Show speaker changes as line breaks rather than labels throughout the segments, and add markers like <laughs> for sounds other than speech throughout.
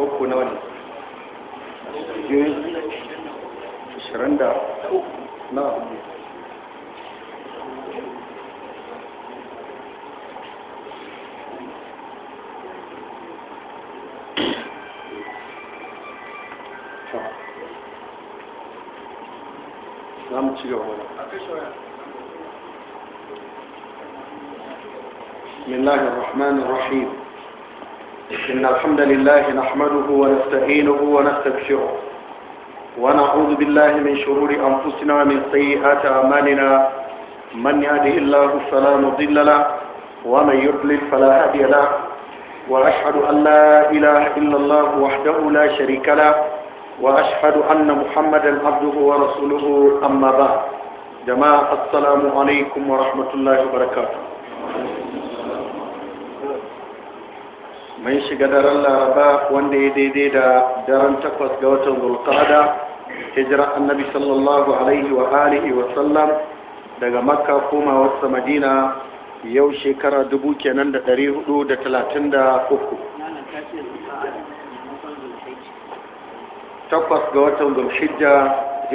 boko nawa ne jini 20 da na
za mu ci gaba
بسم الله الرحمن الرحيم إن الحمد لله نحمده ونستعينه ونستكشره ونعوذ بالله من شرور أنفسنا ومن سيئات أعمالنا من يهده الله فلا مضل له ومن يضلل فلا هادي له وأشهد أن لا إله إلا الله وحده لا شريك له وأشهد أن محمدا عبده ورسوله أما بعد جماعة السلام عليكم ورحمة الله وبركاته mun shiga daren laraba wanda ya daidai da daren takwas ga watan zulkada hijira annabi sallallahu alaihi wa alihi wa sallam daga makka koma wasu madina yau shekara dubu kenan da ɗari hudu da talatin da uku takwas ga watan zulhijja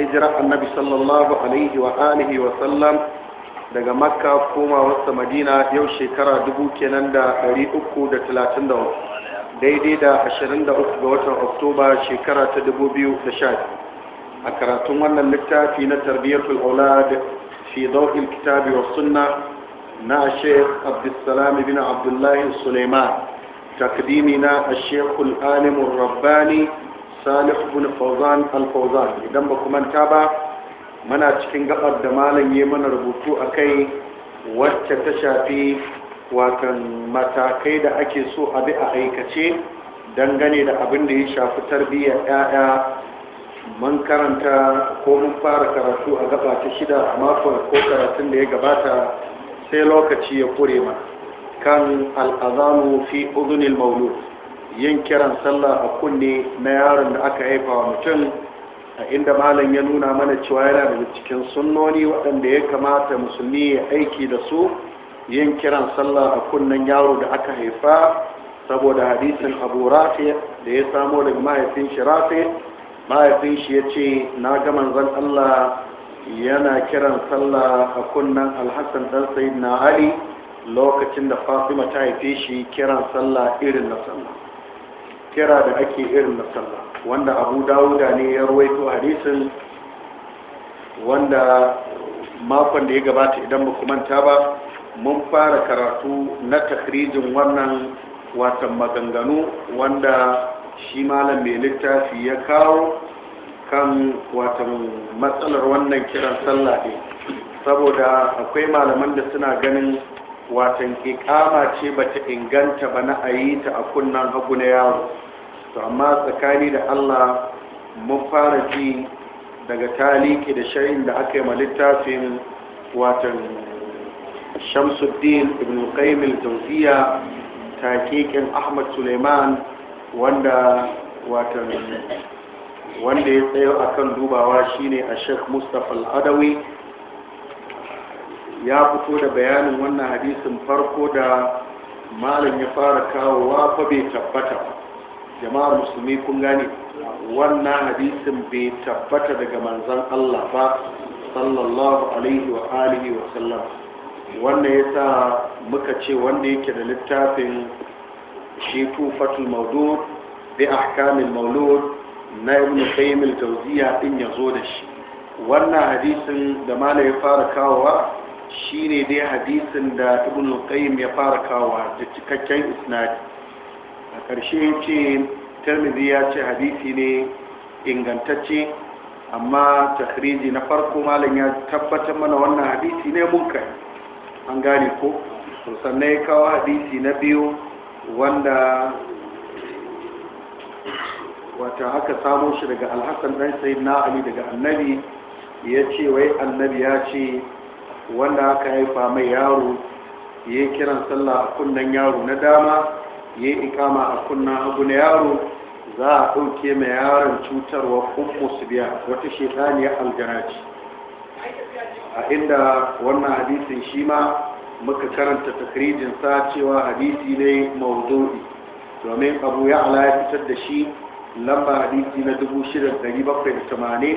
hijira annabi sallallahu alaihi wa alihi wa sallam daga makka koma wasta madina yau shekara dubu kenan da ɗari uku da talatin da daidai da ashirin da uku ga watan oktoba shekara ta dubu biyu da sha a karatun wannan littafi na tarbiyyatul aulad fi dawil kitabi wa sunna na sheikh abdussalam bin abdullahi suleiman تقديمنا الشيخ bin الرباني al بن Idan ba إذا ta ba. mana cikin gabar da malam ya mana rubutu a kai wacce ta shafi watan matakai da ake so a bi a aikace dangane da abin da ya shafi tarbiyya 'ya'ya mun karanta ko mun fara karatu a gaba ta shida a makon ko karatun da ya gabata sai lokaci ya kure ma kan al'azamu fi udunil maulud yin kiran sallah a kunne na yaron da aka haifa wa mutum a inda malam ya nuna mana cewa yana da cikin sunnoni waɗanda ya kamata musulmi ya aiki da su yin kiran sallah a kunnen yaro da aka haifa saboda hadisin abu rafi da ya samo daga mahaifin shi rafi mahaifin shi ya ce na ga manzon allah yana kiran sallah a kunnen alhassan dan sayid na ali lokacin da fatima ta haife shi kiran sallah irin na sallah kira da ake irin Sallah, wanda abu dawuda ne ya ruwaito hadisin wanda makon da ya gabata idan ba manta ba mun fara karatu na takrijin wannan watan maganganu wanda shi malam mai littafi ya kawo kan watan matsalar wannan kiran sallah ne saboda akwai malaman da suna ganin watan ikama ce bata inganta ba na ayi ta a kunnan hagu na yaro to amma tsakani da allah mun fara ji daga taliki da shari'in da aka yi ma littafin watan shamsuddin ibn qayyim al-jawziya ahmad suleiman wanda watan wanda ya tsayo akan dubawa shine a sheikh mustapha al ya fito da bayanin wannan hadisin farko da malam ya fara kawowa fa bai tabbata jama'ar musulmi kun gane wannan hadisin bai tabbata daga manzon Allah ba sallallahu alaihi wa alihi wa sallam wannan yasa muka ce wanda yake da littafin shi tufatul mawdud bi ahkamil mawlud na ibn qayyim al-jawziya din yazo da shi wannan hadisin da mala ya fara kawowa shine dai hadisin da ibn qayyim ya fara kawowa da cikakken isnadi a ƙarshe ce tirmidhi ya ce hadisi ne ingantacce amma takhriji na farko malam ya tabbatar mana wannan hadisi ne munka an gane ko to sannan ya kawo hadisi na biyu wanda wata haka samo shi daga alhassan dan sai na ali daga annabi ya ce wai annabi ya ce wanda aka haifa mai yaro ya yi kiran sallah a kunnen yaro na dama ya yi ikama a kunna abu na yaro za a ɗauke mai yaron cutarwa kuma su biya wata shekaniyar aljaraci a inda wannan hadisin shi ma muka karanta sa cewa hadisi ne mawuzoɗi domin abu ya ala ya fitar da shi lamba hadisi na 6780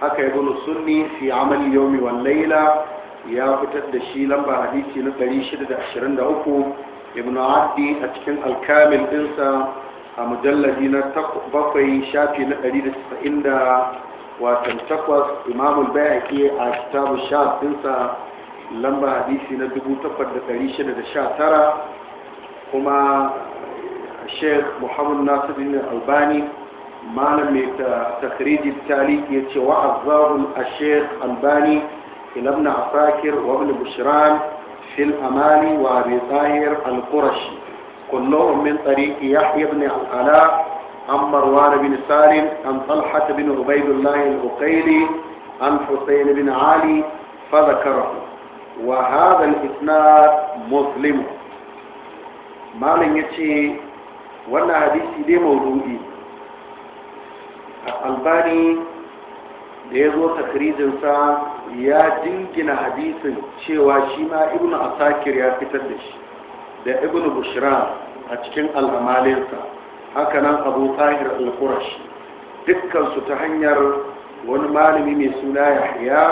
haka ya bunu sunni fi amal yomi wal laila ya fitar da shi lamba hadisi na 623 ibn abdi a cikin alkamil ɗinsa a mujalladi na bakwai shafi na 190 da watan takwas imamul bayaki a kitabu shaf ɗinsa lamba hadisi na 8619 kuma sheikh muhammad nasiruddin albani malam mai takridin taliki ya ce wa'azzahul a sheikh albani a asakir wa ibn bushran الأمالي وأبي طاهر القرشي كلهم من طريق يحيى بن العلاء عن مروان بن سالم عن طلحة بن عبيد الله العقيلي عن حسين بن علي فذكره وهذا الإسناد مسلم مالن يتي وانا حديثي دي موضوعي الألباني da ya zo takrijinsa ya jingina hadisin cewa shi ma ibn asakir ya fitar da shi da ibn bushra a cikin al'amalinsa hakanan abu tahir al-qurash dukkansu ta hanyar wani malami mai suna yahya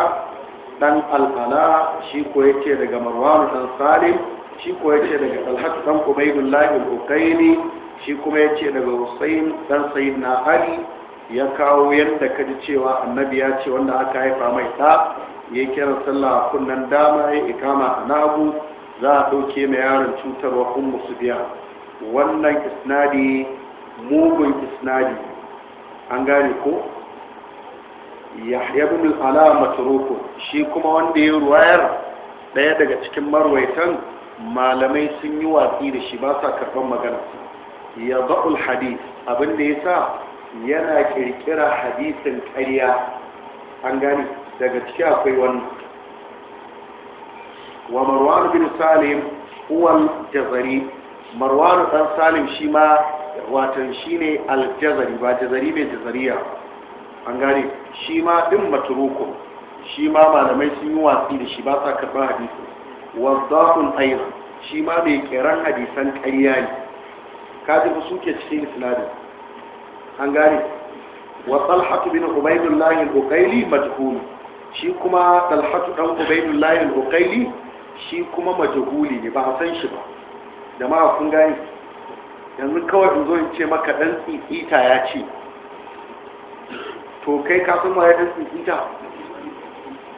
ɗan al'ala shi ko yake daga marwan dan salim shi ko yake daga talhat dan ubaydullah al-ukaini shi kuma yace daga husayn dan sayyidina ali ya kawo yadda ka ji cewa annabi ya ce wanda aka haifa mai ta ya kira sallah a kunnen dama ya ikama a nagu za a ɗauke mai yaron cutarwa kun su biya wannan isnadi mugun isnadi an gane ko yahya bin alama turuku shi kuma wanda ya ruwayar ɗaya daga cikin marwaitan malamai sun yi watsi da shi ba sa karɓar magana ya ba'ul hadith abinda ya sa yana kirkira hadisin ƙarya an gani daga ciki akwai wani. wa marwan bin salim huwal jazari marwan dan salim shi ma watan shi ne aljazari ba jazari mai jazariya an gani shi ma ɗin maturukun shi ma malamai sun yi watsi da shi ba sa karɓar hadisin wazzafin aina shi ma mai kiran hadisan ƙarya ne kaji ba suke cikin isnadin an gane wa talhatu bin ubaidullahi al ukaili majhul shi kuma talhatu dan ubaidullahi al ukaili shi kuma majhuli ne ba a san shi ba da ma kun gane yanzu kawai in zo in ce maka dan tsitsita ya ce to kai ka san waye dan tsitsita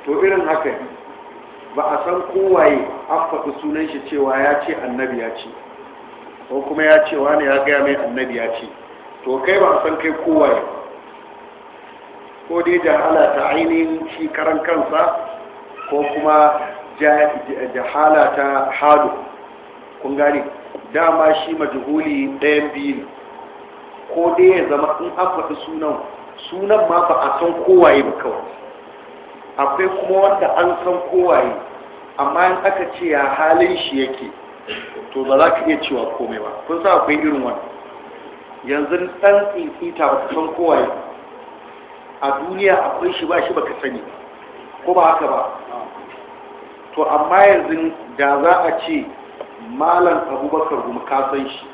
to irin haka ba a san kowaye an faɗi sunan shi cewa ya ce annabi ya ce ko kuma ya ce wani ya gaya mai annabi ya ce to kai ba san kai kowa ne ko dai jahala ta ainihin shi karan kansa ko kuma jahala ta halu kun gane dama shi majihuli ɗayan biyu ne ko dai ya zama in an faɗi sunan sunan ma ba a san kowaye ba kawai akwai kuma wanda an san kowaye amma in aka ce ya halin shi yake to ba za ka iya cewa komai ba kun sa akwai irin wannan yanzu ɗan tsinkita ba san kowaye a duniya akwai shi ba shi ba ka sani ko ba haka ba to amma yanzu da za a ce malam abubakar gumi ka san shi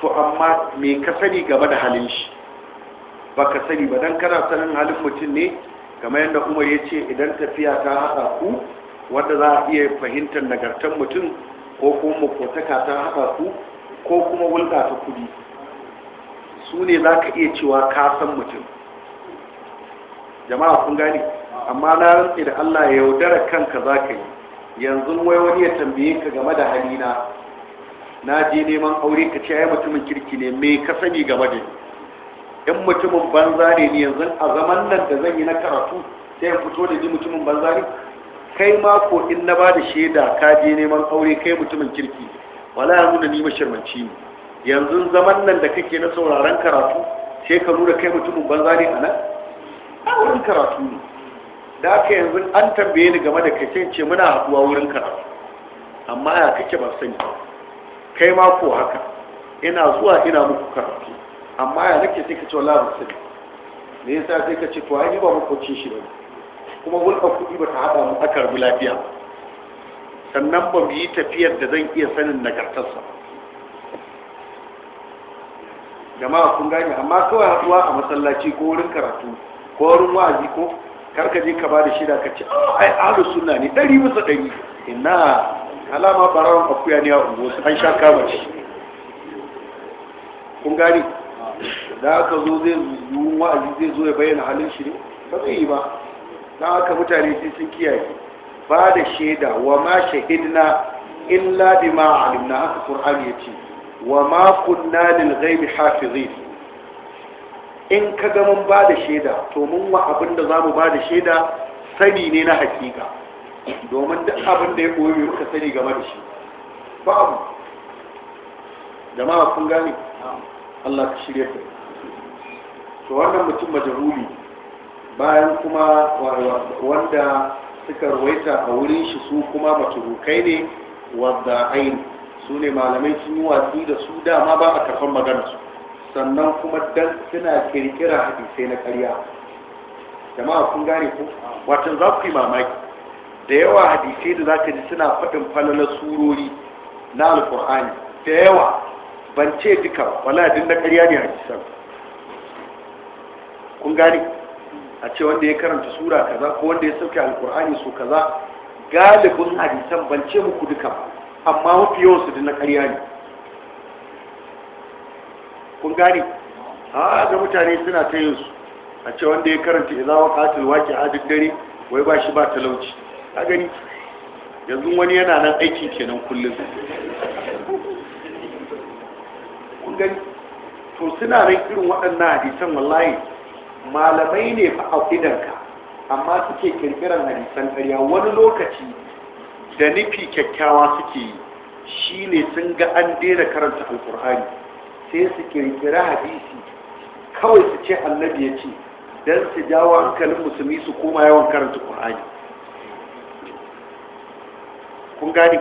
to amma mai ka sani game da halin shi ba ka sani ba don kana sanin halin mutum ne game yadda umar ya ce idan tafiya ta haɗa ku wanda za a iya fahimtar nagartar mutum ko kuma makotaka ta haɗa ku ko kuma wulɗa ta kudi su ne za ka iya cewa ka san mutum jama'a kun gani amma na rantse da Allah ya yaudara kanka za ka yi yanzu wai wani ya tambaye ka game da halina na je neman aure ka ce ai mutumin kirki ne me ka sani game da ni. in mutumin banza ne ni yanzu a zaman nan da zan yi na karatu sai ya fito da ji mutumin banza ne kai ma in na ba da shaida ka je neman aure kai mutumin kirki wala yanzu da ni mashirmanci ne yanzu zaman nan da kake na sauraron karatu sai ka nuna kai mutumin banza ne a nan a wurin karatu ne da aka yanzu an tambaye ni game da kake ce muna haɗuwa wurin karatu amma ya kake ba sani kai ma ko haka ina zuwa ina muku karatu amma ya nake sai ka ce wallahi ba sani me yasa sai ka ce to ai ba mu kwace shi ba kuma hulɗa kuɗi ba ta haɗa mu aka rabu lafiya sannan ba mu yi tafiyar da zan iya sanin nagartarsa ba jama'a kun gani amma kawai haɗuwa a masallaci ko wurin karatu ko wurin wa'azi ko karka je ka ba da shida ka ce oh, ai ahlus sunna ne dari bisa dari ina alama barawan akuya ne a unguwa an sha kama shi kun gani da aka zo zai yiwu wa'azi zai zo ya bayyana halin shi ne ba zai yi ba da aka mutane sai sun kiyaye ba da shaida wa ma shahidna illa bima alimna haka qur'ani ya ce wa ma kunna lil ghaibi hafizin in ka ga mun ba da shaida to mun wa abin da za mu ba da shaida sani ne na hakika domin duk abin da ya koyi muka sani game da shi ba abu jama'a kun gane Allah ka shirya ta to wannan mutum majaruri bayan kuma wanda suka ruwaita a wurin shi su kuma maturukai ne wadda aini su ne malamai sun yi watsi da su dama ba a karfan magana su sannan kuma dan suna kirkira hadisai na karya jama'a kun gane ku watan za ku yi mamaki da yawa hadisai da za ka ji suna faɗin falalar surori na alfahani da yawa ban ce duka wala din na karya ne hadisan kun gane a ce wanda ya karanta sura kaza ko wanda ya sauke alkur'ani su kaza galibin hadisan ban ce muku duka ba amma mafi yawan su na karya ne kun gane a ga mutane suna ta yin su a ce wanda ya karanta ya katil waƙi a duk dare wai ba shi ba talauci a gani yanzu wani yana nan aiki kenan kullum kun gani to suna nan irin waɗannan hadisan wallahi malamai ne fa a idanka amma suke kirkiran hadisan ƙarya wani lokaci da nufi kyakkyawa suke yi shi ne sun ga an daina karanta alkur'ani sai su kirkira hadisi kawai su ce annabi ya ce don su jawo hankalin musulmi su koma yawan karanta qur'ani kun gani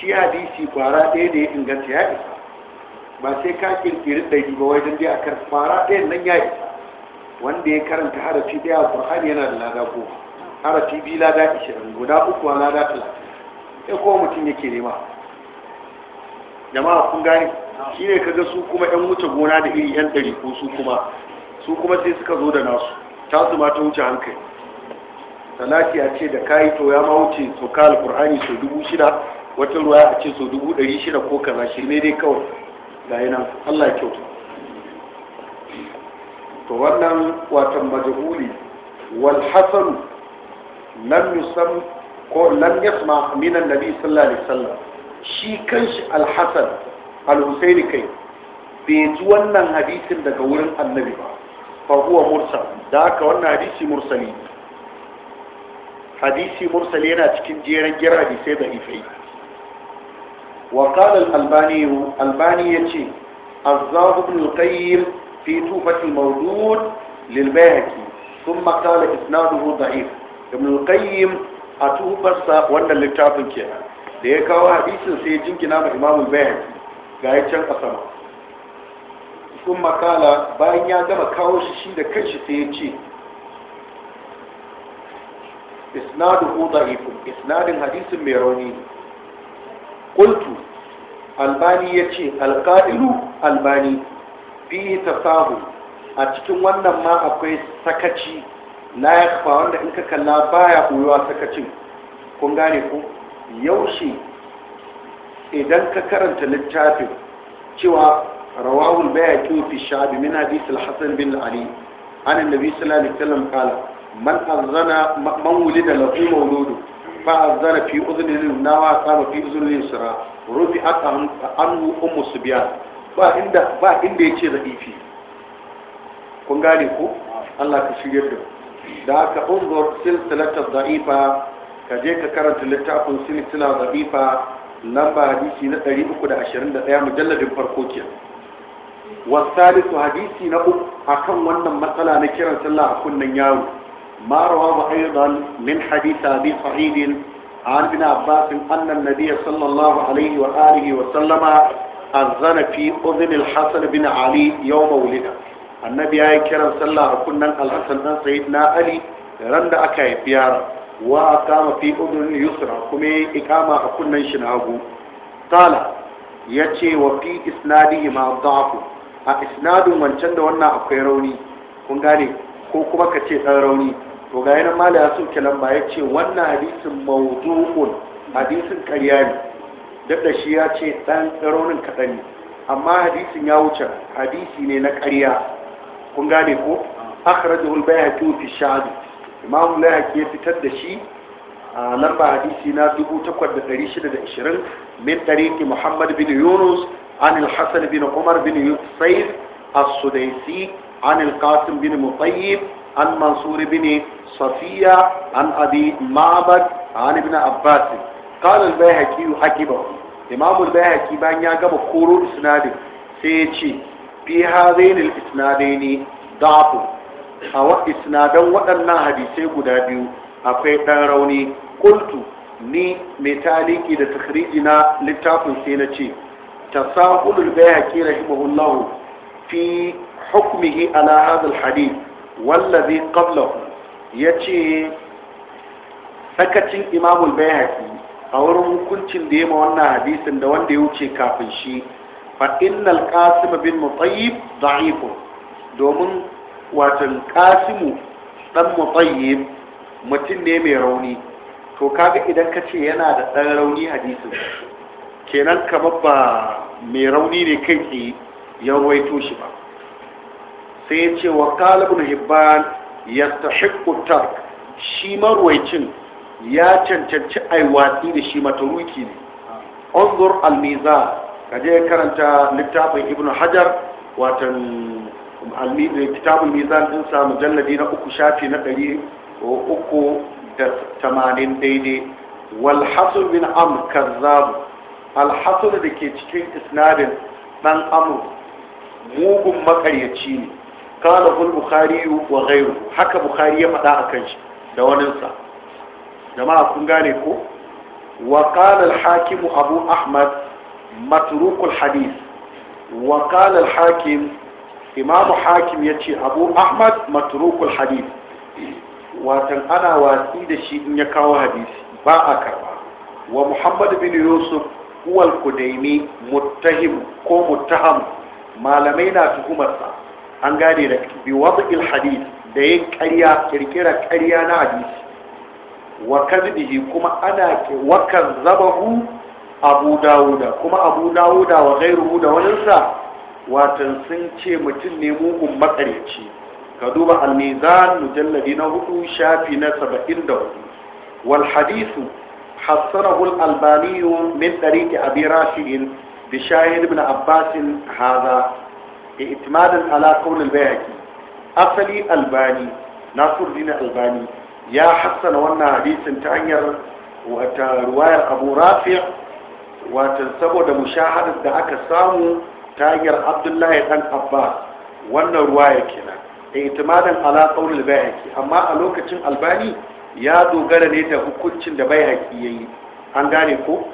shi hadisi kwara ɗaya da ya inganta ya isa ba sai ka kirkiri ɗari ba wajen dai a kan kwara ɗayan nan ya isa wanda ya karanta harafi ɗaya a qur'ani yana da lada goma harafi biyu lada ishirin guda uku a lada talatin ya kowa mutum yake nema jama'a kun gani. shi ne kaga su kuma yan wuce gona da iri yan ɗari ko su kuma su kuma sai suka zo da nasu ta su mata wuce hankali salati a ce da kayi to ya ma wuce so Alkur'ani alƙur'ani so dubu shida wata ruwa a ce so dubu ɗari shida ko kaza shi ne dai kawai ga nan allah kyautu to wannan watan majahuli wal nan lam yusam ko lam yasma min annabi sallallahu alaihi wasallam shi kanshi al-hasan al-husaini kai bai ji wannan hadisin daga wurin annabi ba fa huwa mursal da haka wannan hadisi mursali hadisi mursali yana cikin jeran jira gira sai da ifai wa qala al-albani albani yace az ibn al-qayyim fi tufat al-mawdud lil-bayhaqi thumma qala isnaduhu da'if ibn al-qayyim a tuhubarsa wannan littafin ke da ya kawo hadisin sai ya jingina ma imamul bayan ga ya can a sama sun makala bayan ya gama kawo shi shi da kanshi sai ya ce isnaduhu isnadin hadisin mai rauni kultu albani ya ce alqa'ilu albani fi sahu, a cikin wannan ma akwai sakaci la ya kafa wanda in ka kalla baya koyuwa sakacin kun gane ku yaushe idan ka karanta littafin cewa rawahul bayaqi fi shabi min hadith al-hasan bin ali an annabi sallallahu alaihi wasallam kala man azana man wulida lahu mawludu fa azana fi udhnihi nawa qama fi udhnihi sura. rufi aqam anhu ummu subyan ba inda ba inda yace zaifi kun gane ku Allah ka shigar da ku da haka unzur silsilata da'ifa ka je ka karanta littafin silsila da'ifa lamba hadisi na 321 mujalladin farko ke wasalisu hadisi na uku akan wannan matsala na kiran sallah a kunnen yaro ما رواه أيضا من حديث أبي سعيد عن ابن Annan أن Sallallahu alaihi الله عليه وآله وسلم أذن في أذن الحسن bin Ali yau maulida. annabi ya yi kiran sallah a kunnen alhassan dan sayid na ali ran da aka haifi yaron wa a kama fi udurin yusra kuma ya ikama a kunnen shi na hagu kala ya ce wa fi isnadi ma dhafu a isnadin wancan da wannan akwai rauni kun gane ko kuma ka ce dan rauni to ga yana mala ya suke lamba ya ce wannan hadisin mawdu'un hadisin karya ne duk da shi ya ce dan raunin kaɗan ne amma hadisin ya wuce hadisi ne na karya كنغاني كو اخرجه البيهقي في الشعب امام البيهقي يتتد شي لمبا حديثنا 2820 من طريق محمد بن يونس عن الحسن بن عمر بن يوسف السديسي عن القاسم بن مطيب عن منصور بن صفية عن أبي معبد عن ابن عباس قال البيهقي حكيبه امام البيهقي بان يغب قرو اسناده سيتشي fi hadain al-isnadain da'fu a wa isnadan waɗannan hadisai guda biyu akwai ɗan rauni qultu ni mai taliki da takhriji na littafin sai na ce tasahulul bayhaqi rahimahullahu fi hukmihi ala Hadis al-hadith wallazi qablahu yace sakacin imamul bayhaqi a wurin hukuncin da ya ma wannan hadisin da wanda ya wuce kafin shi fa innal qasim bin mutayyib da'if domin watan qasimu dan mutayyib mutum ne mai rauni to kaga idan ka ce yana da dan rauni hadisin kenan kamar ba mai rauni ne kai tsaye ya shi ba sai ya ce wa kalibin hibban ya tark shi marwaicin ya cancanci aiwatsi da shi mataruki ne onzur almiza kaje karanta littafin ibnu hajar watan kitabun mizan din mujalladi na uku shafi na ɗari uku da tamanin daidai walhassan bin amur kazzabu alhassan da ke cikin isnadin ɗan amur mugun makaryaci ne kala hul bukhari wa gairu haka bukhari ya faɗa a kan shi da waninsa jama'a kun gane ko wa kala hakimu abu ahmad matruk alhadith wa qala imamu hakim ya ce abu ahmad matruk hadis. watan ana watsi da shi in ya kawo hadisi. ba a karba wa muhammad bin yusuf huwal kudaimi muttahim ko muttaham malamai na tuhumarsa an gane da bi wadil hadith da yin ƙarya kirkira na hadisi. wa kadbihi kuma ana ke wa kadzabahu abu dawuda kuma abu dawuda wa gairuhu da waninsa watan sun ce mutum ne mugun makareci ka duba al-mizan mujalladi na hudu shafi na saba'in da hudu wal hadisu hassanahu al-albani min dariki abi rashidin bi shahid ibn abbas hadha i'timadan ala qawl al-bayhaqi asali albani nasiruddin albani ya hassana wannan hadisin ta hanyar wata ruwayar abu rafi' watan saboda mushahadar da aka samu ta hanyar abdullahi dan abbas wannan ruwa ya kina da eh, itimadan ala qaulil bayhaqi amma a lokacin albani ya dogara ne da hukuncin da bayhaqi yi. an gane ko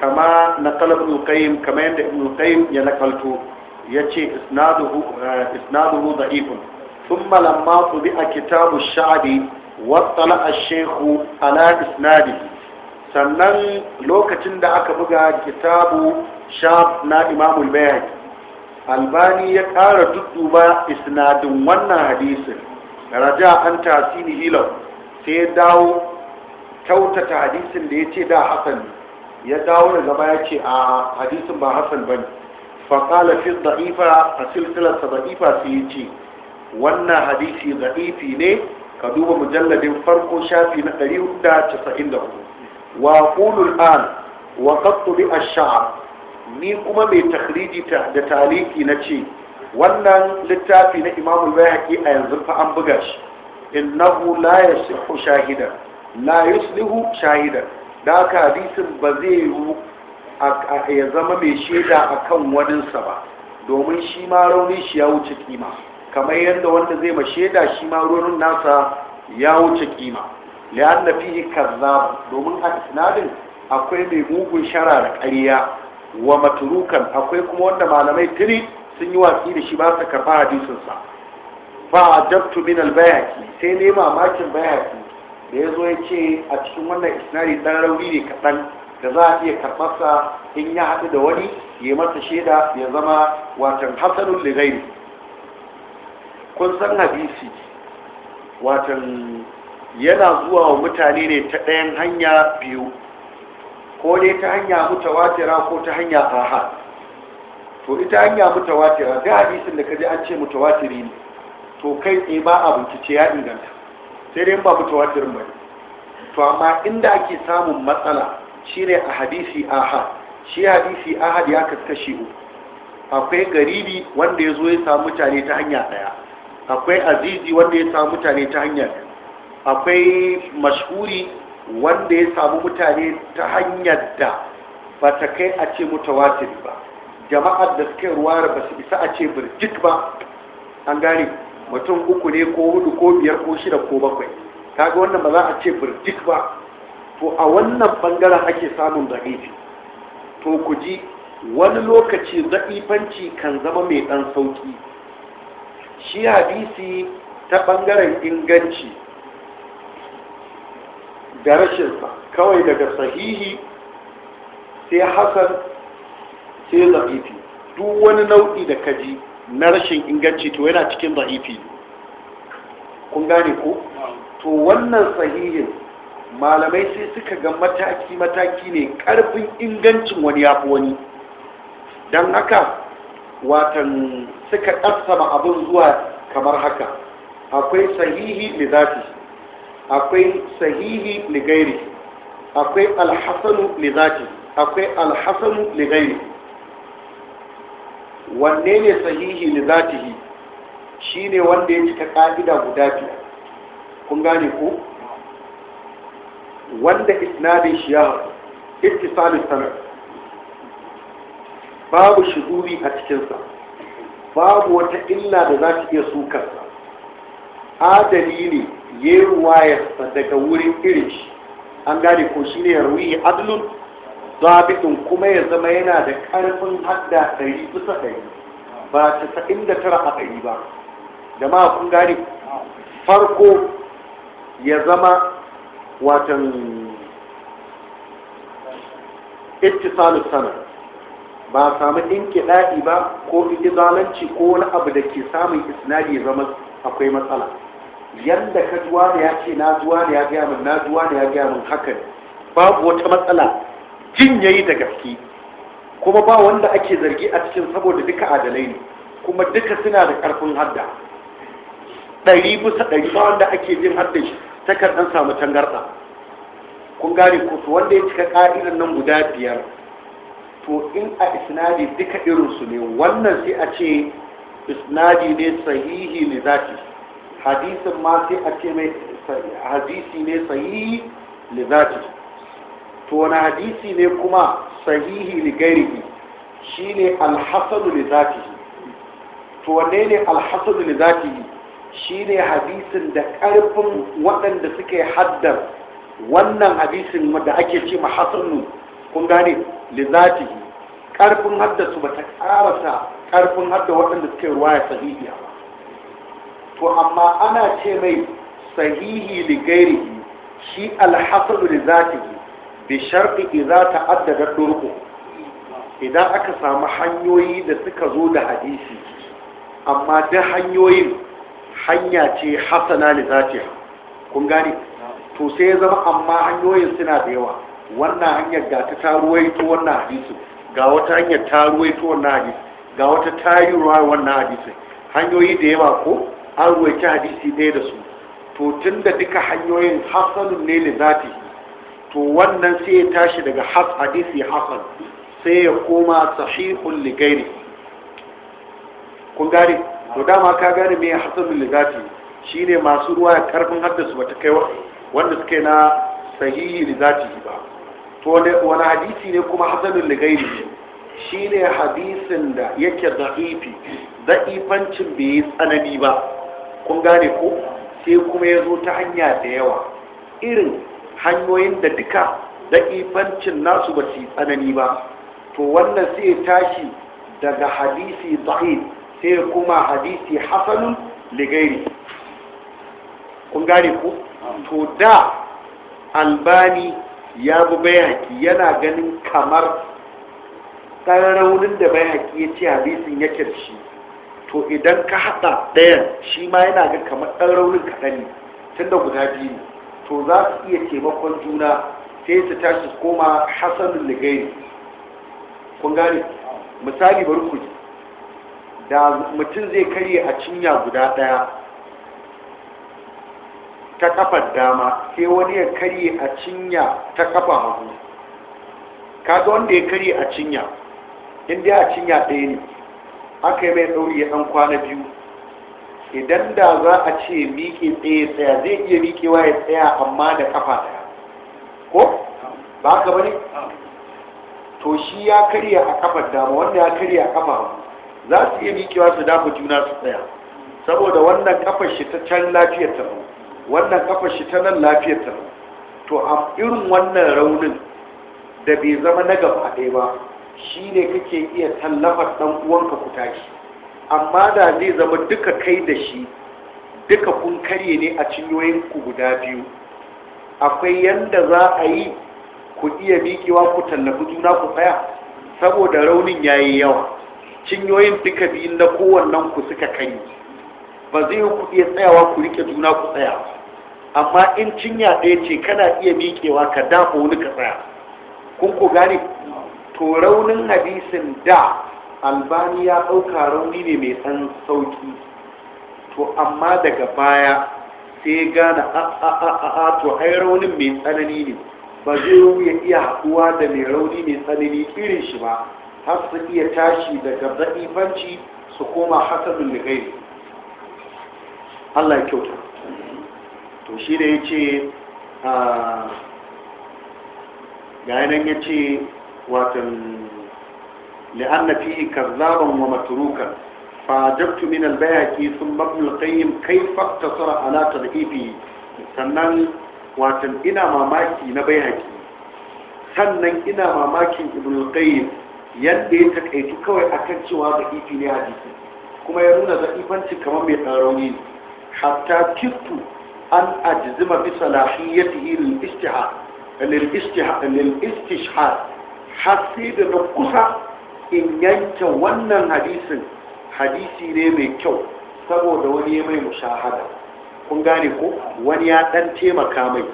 kama naqala ibn ya kama yanda ibn ya nakalto yace isnaduhu eh, isnaduhu da'ifun thumma lamma kitabu ash-sha'bi wa tala ash-shaykh ala isnadihi sannan lokacin da aka buga kitabu shaf na imamul bayhaqi albani ya ƙara dudduba isnadin wannan hadisin raja an tasiri hilau sai ya dawo kyautata hadisin da ya ce da hasan ya dawo daga baya ce a hadisin ba hasan ba ne faƙala fi da'ifa a silsilarsa da'ifa sai ya ce wannan hadisi da'ifi ne ka duba mujalladin farko shafi na 494 wa qulul al'an wa qattu bi ashar ni kuma mai takhriji da taliki na ce wannan littafi na imamul al-bayhaqi a yanzu fa an buga shi innahu la yasihu shahida? la yuslihu shahida? da ka hadisin ba zai yi ya zama mai shaida akan waninsa ba domin shi ma rauni shi ya wuce kima kamar yadda wanda zai ma shaida shi ma raunin nasa ya wuce kima li'anna fihi kazzab domin a isnadin akwai mai mugun shara da ƙarya wa maturukan akwai kuma wanda malamai tiri sun yi watsi da shi ba su karɓa hadisin sa fa ajabtu min sai ne mamakin bayaki da ya zo ya ce a cikin wannan isnari dan rauni ne kaɗan da za a iya karɓarsa in ya haɗu da wani ya masa shaida ya zama watan hasanun ligairi kun san hadisi watan yana zuwa wa mutane ne ta ɗayan hanya biyu ko ne ta hanya mutawatira ko ta hanya aha. to ita hanya mutawatira da hadisin da kaji an ce mutawatiri ne to kai ne ba a bincike ya inganta sai dai ba mutawatirin bane to amma inda ake samun matsala shine a hadisi aha. shi hadisi da ya kaskashi uku akwai garibi wanda ya zo ya samu mutane ta hanya ɗaya akwai azizi wanda ya samu mutane ta hanya ɗaya akwai mashhuri wanda ya samu mutane ta hanyar da ba ta kai a ce mutawatir ba jama'ar da suka ruwa ba su isa a ce birjit ba an gane mutum uku ne ko hudu ko biyar ko shida ko bakwai kaga wannan ba za a ce birjit ba to a wannan bangaren ake samun za'ifi to ku ji wani lokaci za'ifanci kan zama mai ɗan sauƙi. shi hadisi ta bangaren inganci da rashinsa kawai daga sahihi sai hasan sai za'ifi duk wani nau'i da kaji na rashin inganci to yana cikin za'ifi kun gane ko to wannan sahihin malamai sai suka ga mataki-mataki ne karfin ingancin wani ya fi wani don haka watan suka ƙasama abin zuwa kamar haka akwai sahihi zafi akwai sahihi ligairi akwai alhassanu ligati akwai alhassanu ligairi wanne ne sahihi ligatihi shi ne wanda ya cika ƙa'ida guda biyar kun gane ko wanda isnadin shi ya haɗu ittisalin babu shiguri a cikinsa babu wata illa da za ta iya sukarsa adali ne ya daga wurin irin shi an gane ko shi ne ruwi adlun zabitin kuma ya zama yana da ƙarfin hadda ɗari bisa ɗari ba casa'in da tara a ɗari ba ma kun gane farko ya zama watan ittisalu sana ba samu ɗinki ba ko izalanci ko wani abu da ke samun isnadi ya zama akwai matsala yanda ka zuwa da ya ce na zuwa da ya gaya min na zuwa da ya gaya min haka babu wata matsala jin ya yi da gaske kuma ba wanda ake zargi a cikin saboda duka adalai ne kuma duka suna da karfin hadda ɗari bisa ɗari ba wanda ake jin hadda shi takan ɗan samu tangarɗa kun gane ko wanda ya cika ƙa'idar nan guda biyar to in a isnadi duka irinsu ne wannan sai a ce isnadi ne sahihi ne zati hadisin ma sai a ce mai hadisi ne sahihi li zati to wani hadisi ne kuma sahihi li gairihi shine alhasanu li zatihi to wanne ne alhasanu li zatihi shine hadisin da karfin waɗanda suke haddar wannan hadisin da ake ce ma hasanu kun gane li zatihi karfin haddasu ba ta karasa karfin hadda waɗanda suke ruwaya sahihiya ba to amma ana ce mai sahihi li gairihi shi alhasadu li zatihi bi sharti idza ta'addada turqu idan aka samu hanyoyi da suka zo da hadisi amma da hanyoyin hanya ce hasana li zatiha kun gane to sai ya zama amma hanyoyin suna da yawa wannan hanyar ga ta to wannan hadisi ga wata hanyar to wannan hadisi ga wata tayi ruwa wannan hadisi hanyoyi da yawa ko an ruwaci hadisi ɗaya da su to tun da duka hanyoyin hasanun ne da zati to wannan sai ya tashi daga hadisi hasan sai ya koma sahihun ligairi kun gane to dama ka gane me hasanun li shi ne masu ruwa ya karfin haddasa bata kai wanda suke na sahihi li ba to wani hadisi ne kuma hasanun ligairi ne hadisin da yake za'ifi za'ifancin bai yi tsanani ba kun gane ko sai kuma ya zo ta hanya da yawa irin hanyoyin da duka da ibancin nasu ba su tsanani ba to wannan sai tashi daga hadisi zai sai kuma hadisi hasanun ligairi kun gane ko to da albani ya bi bayaki yana ganin kamar ɗan raunin da bayaki ya ce hadisin yake da to idan ka haɗa ɗayan shi ma yana ga kamar ɗan raunin kaɗan ne tun da guda biyu ne to za su iya taimakon juna sai su tashi koma hasanun ligayi kun gane misali bari ku ji da mutum zai karye a cinya guda ɗaya ta kafar dama sai wani ya karye a cinya ta kafa hagu kaga wanda ya karye a cinya inda ya cinya ɗaya ne aka yi mai ɗauri an ɗan kwana biyu idan da za a ce miƙe tsaye tsaya zai iya miƙewa ya tsaya amma da kafa ɗaya ko ba ka bane to shi ya karya a kafar dama wanda ya karya a kafa za su iya miƙewa su dafa juna su tsaya saboda wannan kafar shi ta can lafiyar ta wannan kafar shi ta nan lafiyar ta to a irin wannan raunin da bai zama na gaba ɗaya ba shi ne kake iya tallafar ɗan uwanka ku tashi amma da zai zama duka kai da shi duka kun karye ne a ku guda biyu akwai yanda za a yi ku iya miƙewa ku tallafi juna ku tsaya saboda raunin ya yi yawa cinyoyin duka biyu na kowannen ku suka kanyi ba zai ku iya tsayawa ku rike juna ku tsaya amma in cinya ɗaya ce kana iya miƙewa ka dafa wani ka tsaya kun ku gane to raunin hadisin da albani ya ɗauka rauni ne mai ɗan sauƙi to amma daga baya sai gane a to ai raunin mai tsanani ne ba zai ya iya haɗuwa da mai rauni mai tsanani irin shi ba har su iya tashi daga za'ifanci su koma hasabin da gai Allah ya kyauta to shi da ya ce ah, ga yanan ya ce watan li'anna fihi kazzaban wa matrukan فعجبت من sun ثم kai القيم كيف اقتصر على تضعيفه sannan watan ina mamaki na baihaki sannan ina mamakin ibn qayyim yadda ya takaitu kawai akan cewa da ifi ne jiki. kuma ya nuna za'ifanci kamar mai tsaroni hatta kittu an ajzima bisa salahiyatihi lil istihad istishhad hasi da na kusa in yanke wannan hadisin hadisi ne mai kyau saboda wani ya mai mushahada kun gane ko wani ya dan taimaka mai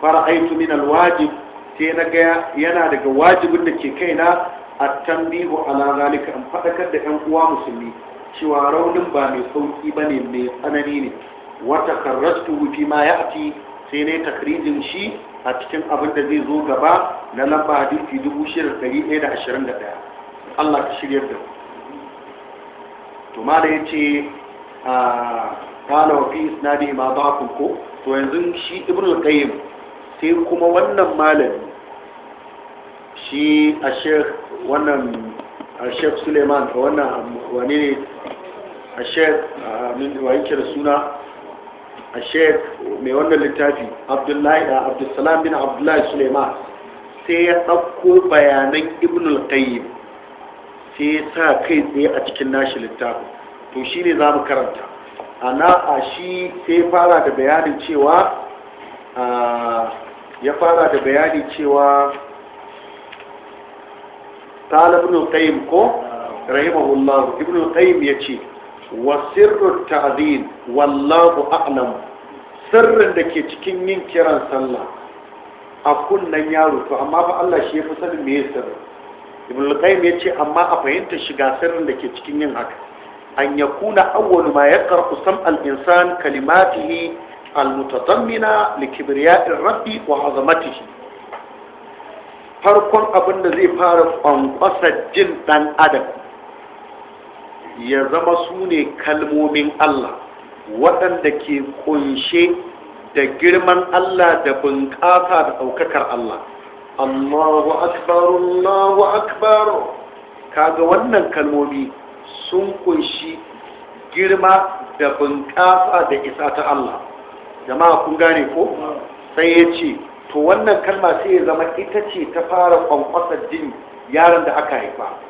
fara'aitu min alwajib sai na ga yana daga wajibin da ke kaina a tambihu ala zalika an faɗakar da yan uwa musulmi cewa raunin ba mai sauki bane mai tsanani ne wata karrastu fi ma ya'ti sai ne takrijin shi a cikin abin da zai zo gaba na lamba hadisi 6121 Allah ka shirya da to ma ya ce, a ah, qala wa fi isnadi ma ba ko to yanzu shi al qayyim sai kuma wannan malami shi a sheikh wannan a sheikh suleiman wannan wani ne a sheikh ah, min wa yake da suna Ashe mai wannan littafi abdullahi da abdulsalam bin abdullahi suleiman sai ya ɗauko bayanan ibn al-qayyim sai ya sa kai tsaye a cikin nashi littafi to shi ne za mu karanta ana a shi sai fara da bayanin cewa ya fara da bayani cewa talibin al-qayyim ko rahimahullahu ibn al-qayyim ya ce wa sirrul wallahu a'lam sirrin da ke cikin yin kiran sallah a kunnan yaro to amma fa Allah shi ya fi sanin me yasa ibn qayyim ya ce amma a fahimta shiga sirrin da ke cikin yin haka an yakuna awwalu ma yaqra'u al insan kalimatihi al-mutadammina li kibriya'ir rabbi wa 'azamatihi farkon abin da zai fara kwankwasa jin dan adam ya zama su ne kalmomin Allah waɗanda ke kunshe da girman Allah da bunƙasa da ɗaukakar Allah Allahu akbar Allahu akbar kaga wannan kalmomi sun kunshi girma da bunƙasa da isa ta Allah jama'a kun gane ko sai ya ce to wannan kalma sai ya zama ita ce ta fara ƙwanƙwasar jin yaran da aka haifa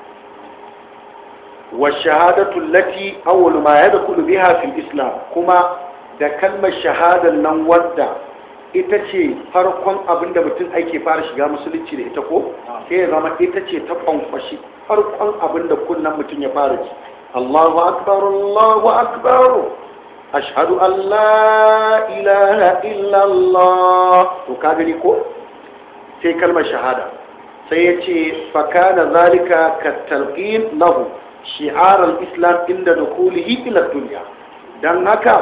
wa shahadatu lati awwal ma yadkhulu biha fil islam kuma da kalmar shahadar nan wadda ita ce farkon abin da mutum ake fara shiga musulunci da ita ko sai ya zama ita ce ta kwankwashi farkon abin da kunnan mutum ya fara ji Allahu akbar Allahu akbar ashhadu an la ilaha illa Allah to ka gani ko sai kalmar shahada sai ya ce fakana zalika ka talqin lahu shi'arar islam inda da kulihi ilar duniya don haka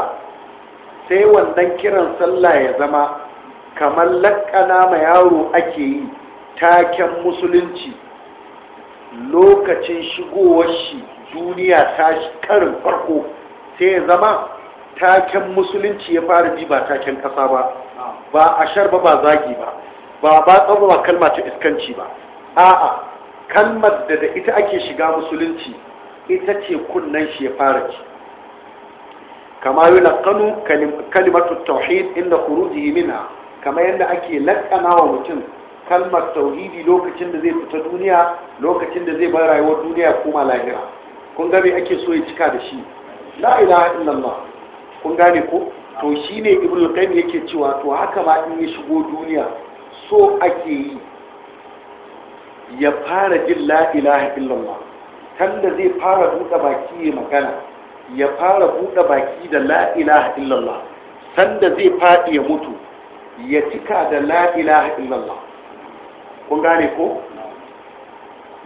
sai wannan kiran sallah ya zama kamar lakana ma yaro ake yi taken musulunci lokacin shigowar shi duniya ta karin farko sai ya zama taken musulunci ya fara ji ba taken kasa ba ba a shar ba zagi ba ba ba tsaro ba iskanci ba a'a kalmar da da ita ake shiga musulunci ita ce kunnan shi ya fara ci kama yi laƙanu kalimatu tauhid inda kuruji mina kama yadda ake laƙana wa mutum kalmar tauhidi lokacin da zai fita duniya lokacin da zai bar rayuwar duniya kuma lahira kun gane ake so ya cika da shi la ilaha illallah kun gane ko to shi shine ibnu qayyim yake cewa to haka ma in ya shigo duniya so ake yi ya fara jin la ilaha illallah tanda zai fara buɗe baki ya magana ya fara buɗe baki da la ilaha illallah sanda zai faɗi ya mutu ya cika da la illallah kun gane ko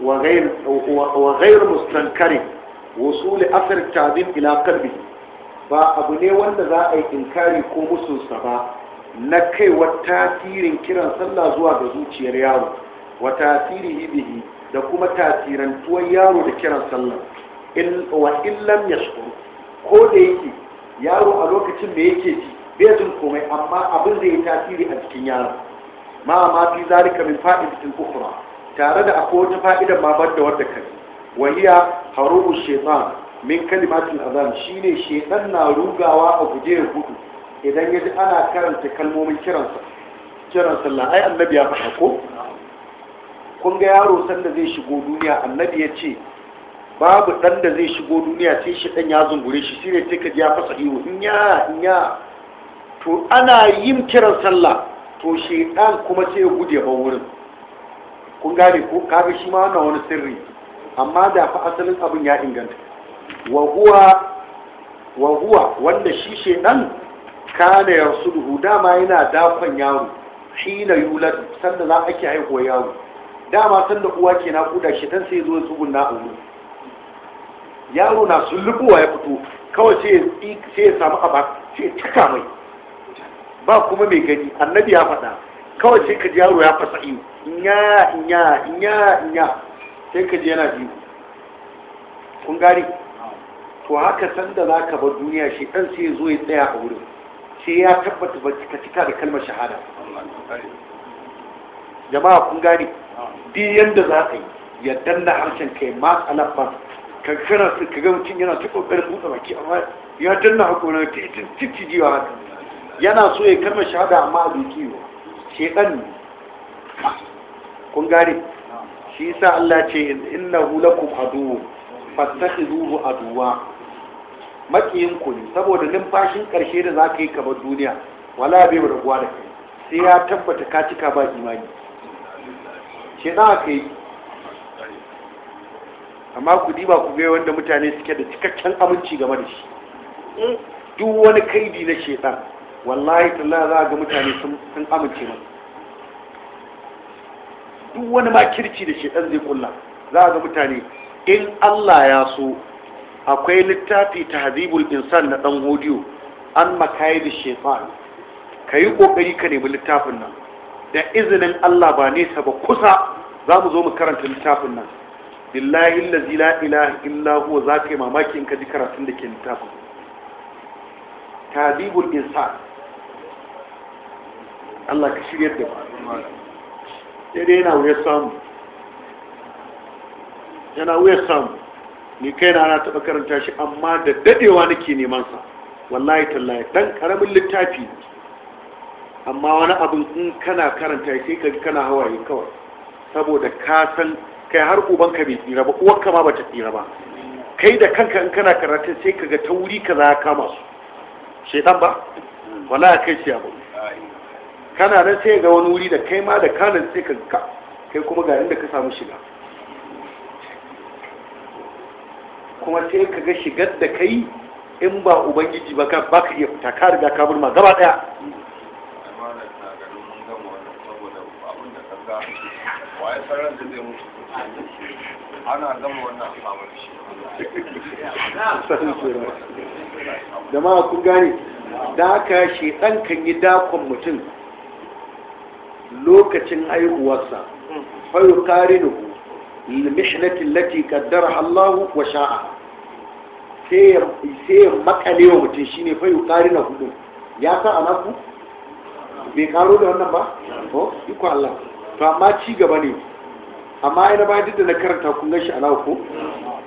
wa ghayr mustankarin wasuli asir tabin ila kalbi ba abu ne wanda za a yi inkari ko musunsa ba na kaiwa tasirin kiran sallah zuwa ga zuciyar yaro wa tasiri bihi da kuma tuwon yaro da kiran sallar. wa illam yashkuru ko da yake yaro a lokacin da yake ji bai jin komai amma abin zai yi tasiri a jikin yaro ma ma fi zalika min cikin ukhra tare da akwai wata fa'ida ma bar da wadda kai wahiya harubu shaytan min kalimatin azan shine shaytan na rugawa a guje ya gudu idan yaji ana karanta kalmomin kiransa kiran sallah ai annabi ya faɗa ko kun ga yaro sanda zai shigo duniya annabi ya ce babu dan da zai shigo duniya sai shi ɗan ya zungure shi shine sai ka ji ya fasa iyo inya inya to ana yin kiran sallah to shi kuma sai ya gude ba wurin kun gane ko ga shi ma wannan wani sirri amma da fa asalin abin ya inganta wa huwa wa huwa wanda shi shedan kana yarsuduhu dama yana dafan yaro shi na yulad sanda za a haihuwa yaro dama san da uwa ke kuda shi dan sai zo ya tsugunna a wuri yaro na sullubuwa ya fito kawai sai ya samu aba sai ya cika mai ba kuma mai gani annabi ya faɗa kawai sai ka ji yaro ya fasa iyo nya nya nya nya sai ka ji yana biyu kun gari to haka sanda za ka bar duniya shi dan sai ya zo ya tsaya a wurin sai ya tabbata ba ka cika da kalmar shahada jama'a kun gari duk yadda za ka yi ya danna harshen kai ma alaban ka su ka ga mutum yana ta kokarin buɗe baki amma ya danna hakoran titi jiwa haka yana so ya kama shahada amma a bai ke shedan ne kun shi sa Allah ce hula innahu lakum adu fattakhizuhu aduwa makiyin ku ne saboda numfashin karshe da za ka yi kamar duniya wala bai rabuwa da kai sai ya tabbata ka cika ba imani ce na aka yi amma ku diba ku ga wanda mutane suke da cikakken aminci game da
shi
duk wani kaidi na shekar wallahi tallahi za ga mutane sun amince masa duk wani makirci da shekar zai kulla za ga mutane in Allah ya so akwai littafi ta hazibul insan na dan hodiyo an makayi da Ka yi kokari ka nemi littafin nan da izinin Allah ba nesa ba kusa za mu zo mu karanta littafin nan billahi allazi la ilaha illa huwa za ka yi mamaki in ka ji karatun da ke littafin tabibul insa. Allah ka shirya da ba sai dai yana wuyar samu yana wuyar samu ni kai na taɓa karanta shi amma da dadewa nake neman sa wallahi tallahi dan karamin littafi ne amma wani abin in kana karanta sai ka kana hawaye kawai saboda ka san kai har ubanka bai tsira ba ka ma bata tsira ba kai da kanka in kana karanta sai ka ga ta wuri ka za kama su shaitan ba wala kai shi abu kana nan sai ga wani wuri da kai ma da kanin sai ka ka kai kuma ga inda ka samu shiga kuma sai ka ga shigar da kai in ba ubangiji ba ka baka iya fita ka riga ka burma gaba daya
sauran da zai mutu ana gama wannan amfani shi jama'a kun
gane da haka dan kan yi dakon mutum lokacin aihuwarsa fayu karinu limishnati lati qaddara Allah wa sha'a sai sai makale wa mutum shine fayu karinu hudu ya sa anaku bai karo da wannan ba ko iko Allah to amma ci gaba ne amma ya na bayan duk da na karanta kun gashi a ko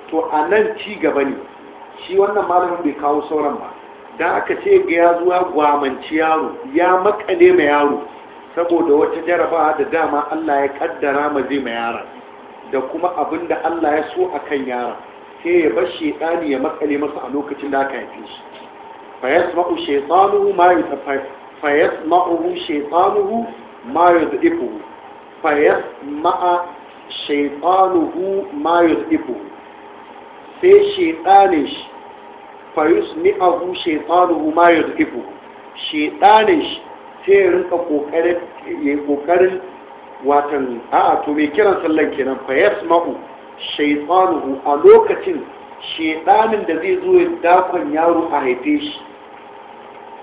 to a nan ci gaba ne shi wannan malamin bai kawo sauran ba da aka ce ga ya zuwa gwamanci yaro ya makale ma yaro saboda wata jarabawa da dama Allah ya kaddara ma zai ma yara da kuma abin da Allah ya so a kan yara sai ya bar shaitani ya makale masa a lokacin da aka haife shi fa yasma'u shaytanuhu ma yutafa fa ma fa yasma'a shaitanuhu ma yuzibu sai shaitanin shi fa yusmi'ahu shaitanuhu ma yuzibu shaitanin shi sai rinka kokarin yayin kokarin watan a'a to me kiran sallan kenan fa yasma'u shaitanuhu a lokacin shaitanin da zai zo ya dakon yaro a haife shi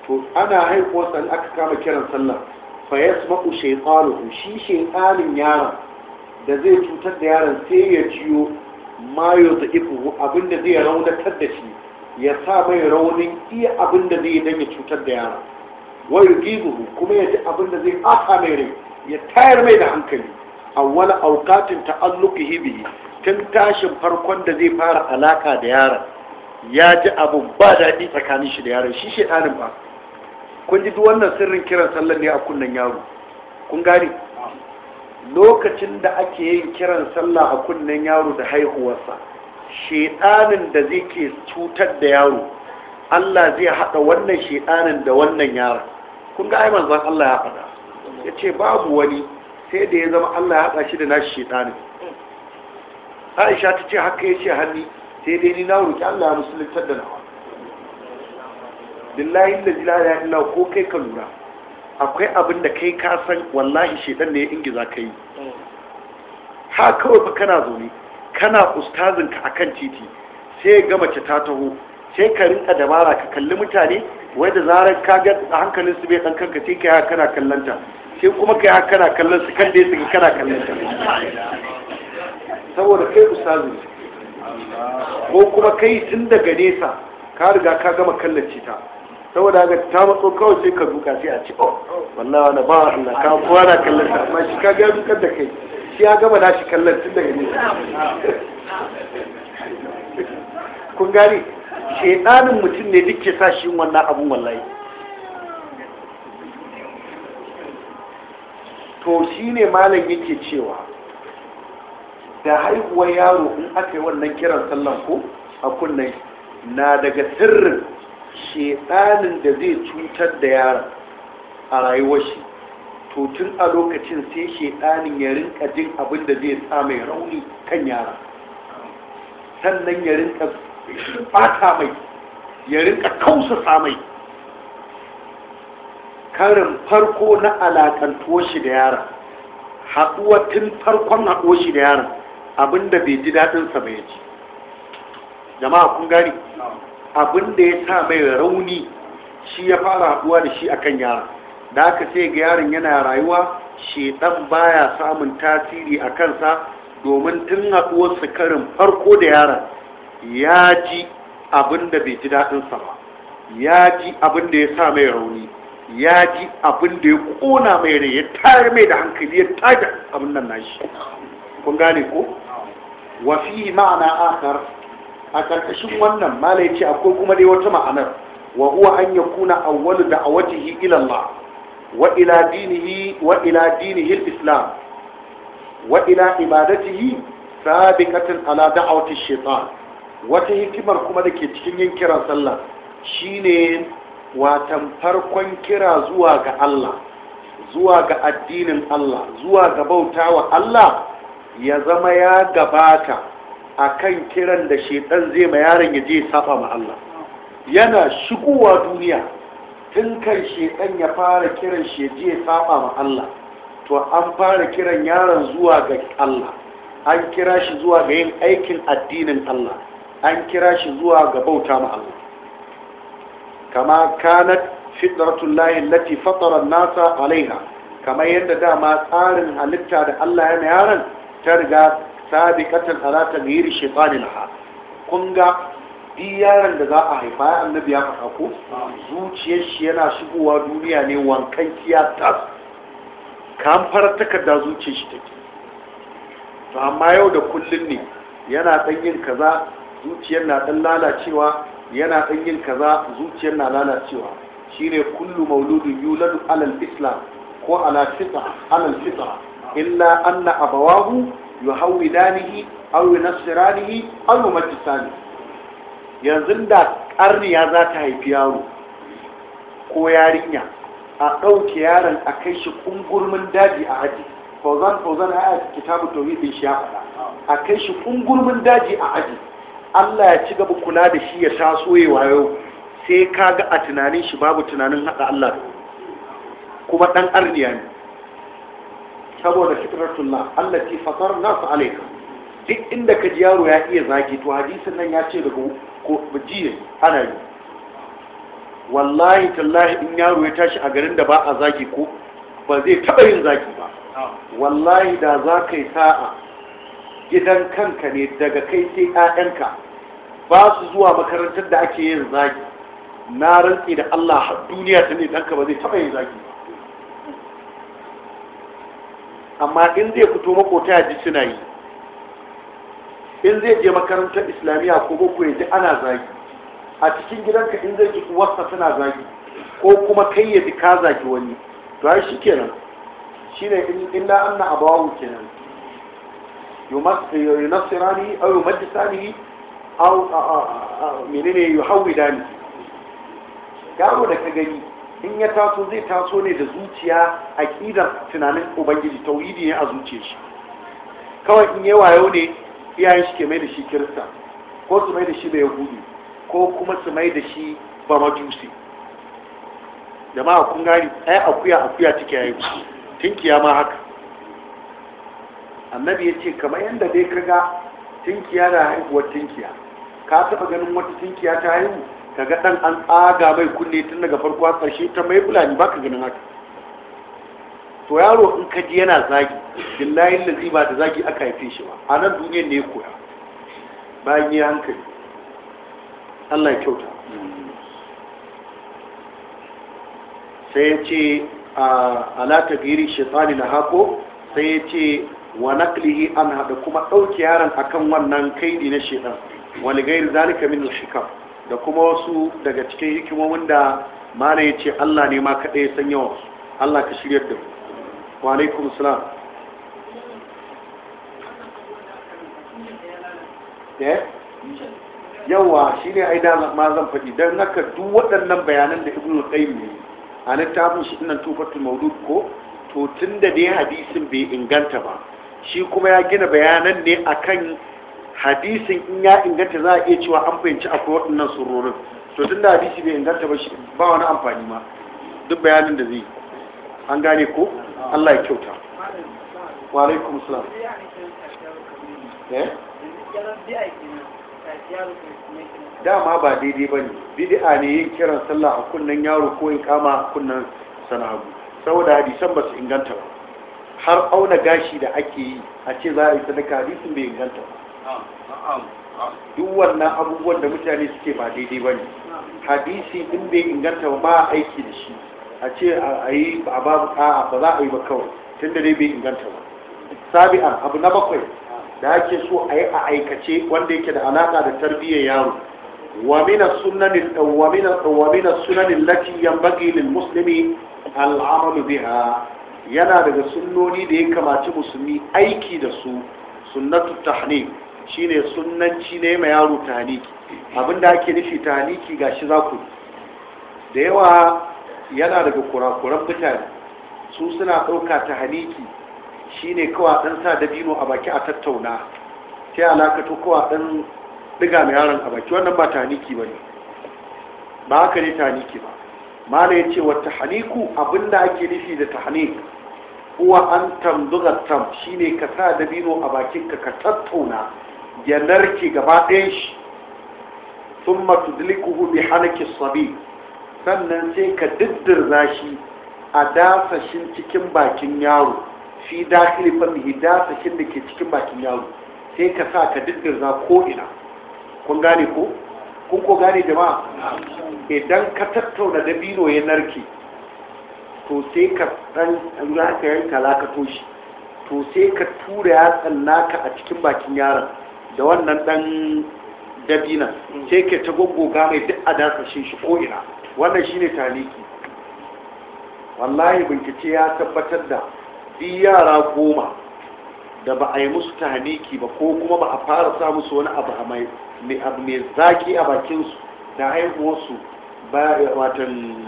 to ana sallan aka kama kiran sallan fa yasma'u shaitanuhu shi shaitanin yaron da zai cutar da yaran sai ya ciyo mayo da ifu abinda zai raunatar da shi ya sa mai raunin iya abinda zai yi don cutar da yaron wayo gizuhu kuma ya ji abinda zai ɓata mai rai ya tayar mai da hankali a wani aukatin ta'alluki hibi tun tashin farkon da zai fara alaka da yaron ya ji abin ba daɗi tsakanin shi da yaron shi shi ɗanin ba kun ji duk wannan sirrin kiran sallar ne a kunnen yaro kun gane lokacin da ake yin kiran sallah a kunnen yaro da haihuwarsa shedanin da zai ke cutar da yaro Allah zai haɗa wannan shedanin da wannan yaron kun ga ai manzon Allah ya faɗa ya ce babu wani sai da ya zama Allah ya haɗa shi da nashi shedanin Aisha ta ce haka ya ce hannu sai dai ni na roƙi Allah ya musuluntar da nawa billahi da jilala ya illa ko kai ka lura akwai abin da kai ka san wallahi shedan ne ya ingiza ka yi hmm. ha kawai fa kana zaune kana ustazinka kan titi sai ga mace ta taho sai ka rinka dabara ka kalli mutane wai da zarar ka ga hankalin su bai dan ka sai yi kana kallon ta sai kuma ka haka kana kallon su kan da su kana kallon ta saboda kai ustazin ko kuma kai tun daga nesa ka riga ka gama kallace ta saboda haka ta matso kawai sai ka duka sai a ci o oh, wallahi wani ba Allah ka kowa na kallon ta amma shi ka gaya dukar da kai shi ya gama da shi kallon tun daga ne kun gani shedanin mutum ne duk ke sa shi wannan abun wallahi to shi ne malam yake cewa da haihuwar yaro in aka yi wannan kiran sallan ko a kunnen na daga sirrin shedanin da zai cutar da yaran a rayuwar shi to tun a lokacin sai shedanin ya rinka jin abin da zai sa mai rauni kan yara sannan ya rinka bata mai ya rinka kausa mai karin farko na alakantuwar shi da yara haɗuwa tun farkon haɗuwar shi da abin da bai ji daɗinsa ba ya ci jama'a kun gani abin da ya sa mai rauni shi ya fara haɗuwa da shi akan yaran. da aka sai ga yaron yana rayuwa shedan baya samun tasiri a kansa domin tun haɗuwarsa karin farko da yaran. ya ji abin da bai ji daɗinsa ba ya ji abin da ya sa mai rauni ya ji abin da ya ƙona mai rai ya tayar mai da hankali ya tayar abin nan nashi kun gane ko wafi ma'ana akar a ƙarƙashin wannan mala ya ce akwai kuma dai wata ma'anar wa huwa an kuna awwalu da ila Allah wa ila dinihi wa ila dinihi islam wa ila ibadatihi sabiqatan ala wata hikimar kuma da ke cikin yin kira sallah shine watan farkon kira zuwa ga Allah zuwa ga addinin Allah zuwa ga bautawa Allah ya zama ya gabata akan kiran da shedan zai ma yaron ya je saba ma Allah yana shigowa duniya tun kan shedan ya fara kiran shi je saba ma Allah to an fara kiran yaron zuwa ga Allah an kira shi zuwa ga yin aikin addinin Allah an kira shi zuwa ga bauta ma Allah kama kanat lahi allati fatara an-nasa alaiha kamar yadda dama tsarin halitta da Allah ya yaron ta riga sabikatan ala taghyir shaytanin ha kun ga duk yaron da za a haifa ya annabi ya faɗa ko zuciyar shi yana shigowa duniya ne wankan kiya Kamfar takarda zuciyar shi take to amma yau da kullum ne yana ɗan yin kaza zuciyar na ɗan lalacewa yana ɗan yin kaza zuciyar na lalacewa shine kullu mauludin yuladu alal islam ko ala alal fitra illa anna abawahu yuhawwidanihi aw yunassiranihi aw yumajjisani yanzu da karniya za ta haifi yaro ko yarinya a ɗauke yaron a kai shi kungurmin daji a aji fauzan fauzan a kitabu to shi ya faɗa a kai shi kungurmin daji a aji Allah ya ci gaba kula da shi ya taso yawa yau sai kaga a tunanin shi babu tunanin haɗa Allah kuma ɗan arniya ne saboda fitratullah allati fatarna su alaika. duk inda ka ji yaro ya iya zagi to hadisin nan ya ce daga ko bijiye ana yi wallahi tallahi in yaro ya tashi a garin da ba a zagi ko ba zai taɓa yin zagi ba wallahi da za ka yi sa'a gidan kanka ne daga kai sai 'ya'yanka ba su zuwa makarantar da ake yin zagi na rantse da Allah har duniya ta ne danka ba zai taɓa yin zagi ba amma in zai fito makota ya ji suna yi in zai je makarantar islamiyya ko boko ya ji ana zagi a cikin gidanka in zai ji uwarsa suna zagi ko kuma kai ya ji ka zagi wani to ai shi kenan shi ne illa anna abawu kenan yunassirani aw yumajjisani aw menene yuhawidani yaro da ka gani in ya taso zai taso ne da zuciya a ƙidar tunanin ubangiji tauhidi ne a zuciyar shi kawai in yi wayo ne iyayen shi ke mai da shi kirista ko su mai da shi da ko kuma su mai da shi ba majusi ma kun gani ai akuya akuya take yayi tinkiya ma haka annabi ya ce kamar yadda dai ka ga tinkiya da haihuwar tinkiya ka taba ganin wata tinkiya ta haihu kaga ɗan an tsaga mai kunne tun daga farko a tsarshe ta mai fulani ba ka ganin haka to yaro in ka ji yana zagi billahi lazi ba da zagi aka haife shi ba a nan duniyar ne ya koya bayan yi hankali Allah ya kyauta sai ya ce a alata giri shaitani na hako sai ya ce wa naklihi an haɗa kuma ɗauki yaron akan wannan kaidi na shaitan wani gairi zalika min al-shikam da kuma wasu daga cikin hikimomin da mana ya ce Allah ne ma kaɗai ya sanya wasu Allah ka shirya da wa alaikum salam eh? yawa shi ne aida ma zan faɗi don haka duk waɗannan bayanan da ibn qayyim ne a littafin shi nan tufatul maulud ko to tun da dai hadisin bai inganta ba shi kuma ya gina bayanan ne akan hadisin in ya inganta za a iya cewa an fahimci akwai waɗannan surorin to tun da hadisi bai inganta ba shi ba wani amfani ma duk bayanin da zai an gane ko Allah ya kyauta
wa alaikum salam eh? dama ba daidai
ba ne bid'a ne yin kiran sallah a kunnen yaro ko in kama a kunnen sana'a saboda hadisan ba su inganta ba har auna gashi da ake yi a ce za a yi sadaka hadisin bai inganta ba duk wannan abubuwan da mutane suke ba daidai ba ne hadisi in bai inganta ba aiki da shi a ce a yi ba za a yi ba kawai tun da dai bai inganta ba sabi'an abu na bakwai da ake so a yi a aikace wanda yake da alaka da tarbiyyar yaro ومن sunanin latiyar ومن السنن التي ينبغي للمسلم yana daga sunnoni da ya kamaci musulmi aiki da su sunnatu tahnim shine sunanci ne ma yaro tahniki abinda ake nufi haniki, gashi za ku da yawa yana daga kurakuran mutane su suna ɗauka haniki shine kawa ɗan sa dabino a baki a tattauna sai to kawa ɗan ɗiga mai yaron a baki wannan ba haniki ba ne ba haka ne haniki ba mala ya ce wata haniku abinda ake nufi da tahnik uwa an tamduga tam shine ka sa dabino a bakinka ka tattauna ya narke gaba ɗayan shi sun matudlikuhu bi hanaki sabi sannan sai ka diddirza shi a dasashin cikin bakin yaro fi dakili famihi dasashin da ke cikin bakin yaro sai ka sa ka diddirza ko ina kun gane ko kun ko gane jama'a idan ka tattauna dabino ya narke to sai ka ɗan ka yanka lakato shi to sai ka tura yatsan naka a cikin bakin yaron da wannan dan dabina mm. sai ke ta gogoga mai duk a dasashin shi ko'ina wannan wannan shine taliki wallahi bincike ya tabbatar da bi yara goma da ba a yi musu taniki ba ko kuma ba a fara sa su wani abu mai zaki a bakinsu da haihuwarsu watan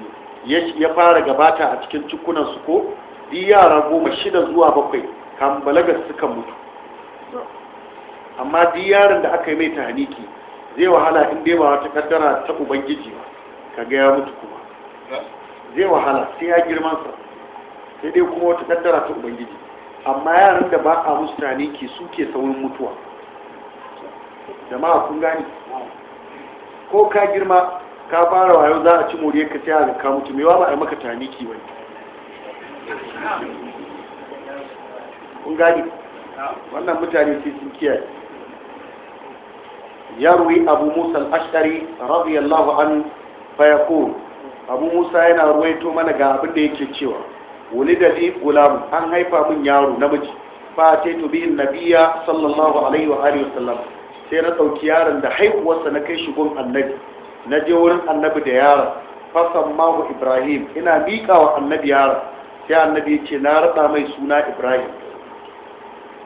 ya fara gabata a cikin cikunansu ko bi yara goma shida zuwa bakwai kan balagar suka mutu amma duk yaron da aka yi mai tahaniki zai wahala in dai ba wata kaddara ta ubangiji ba ga ya mutu kuma zai wahala sai ya girman sa sai dai kuma wata kaddara ta ubangiji amma yaran da ba a musu tahaniki suke saurin mutuwa jama'a kun gani ko ka girma ka fara wayo za a ci moriyar ka sai a ka mutu mewa ba a maka tahaniki ba kun gani wannan mutane sai sun kiyaye يروي أبو موسى الأشعري رضي الله عنه فيقول أبو موسى أنا رويته من قابل ديك الشيوة ولد لي غلام أن هيفا من يارو نمجي فأتيت به النبي صلى الله عليه وآله وسلم سيرة وكيارا دحيب وسنكي شبون النبي نجور النبي ديارا فسماه إبراهيم إنا ميكا والنبي يارا سيا النبي تنارتا ميسونا إبراهيم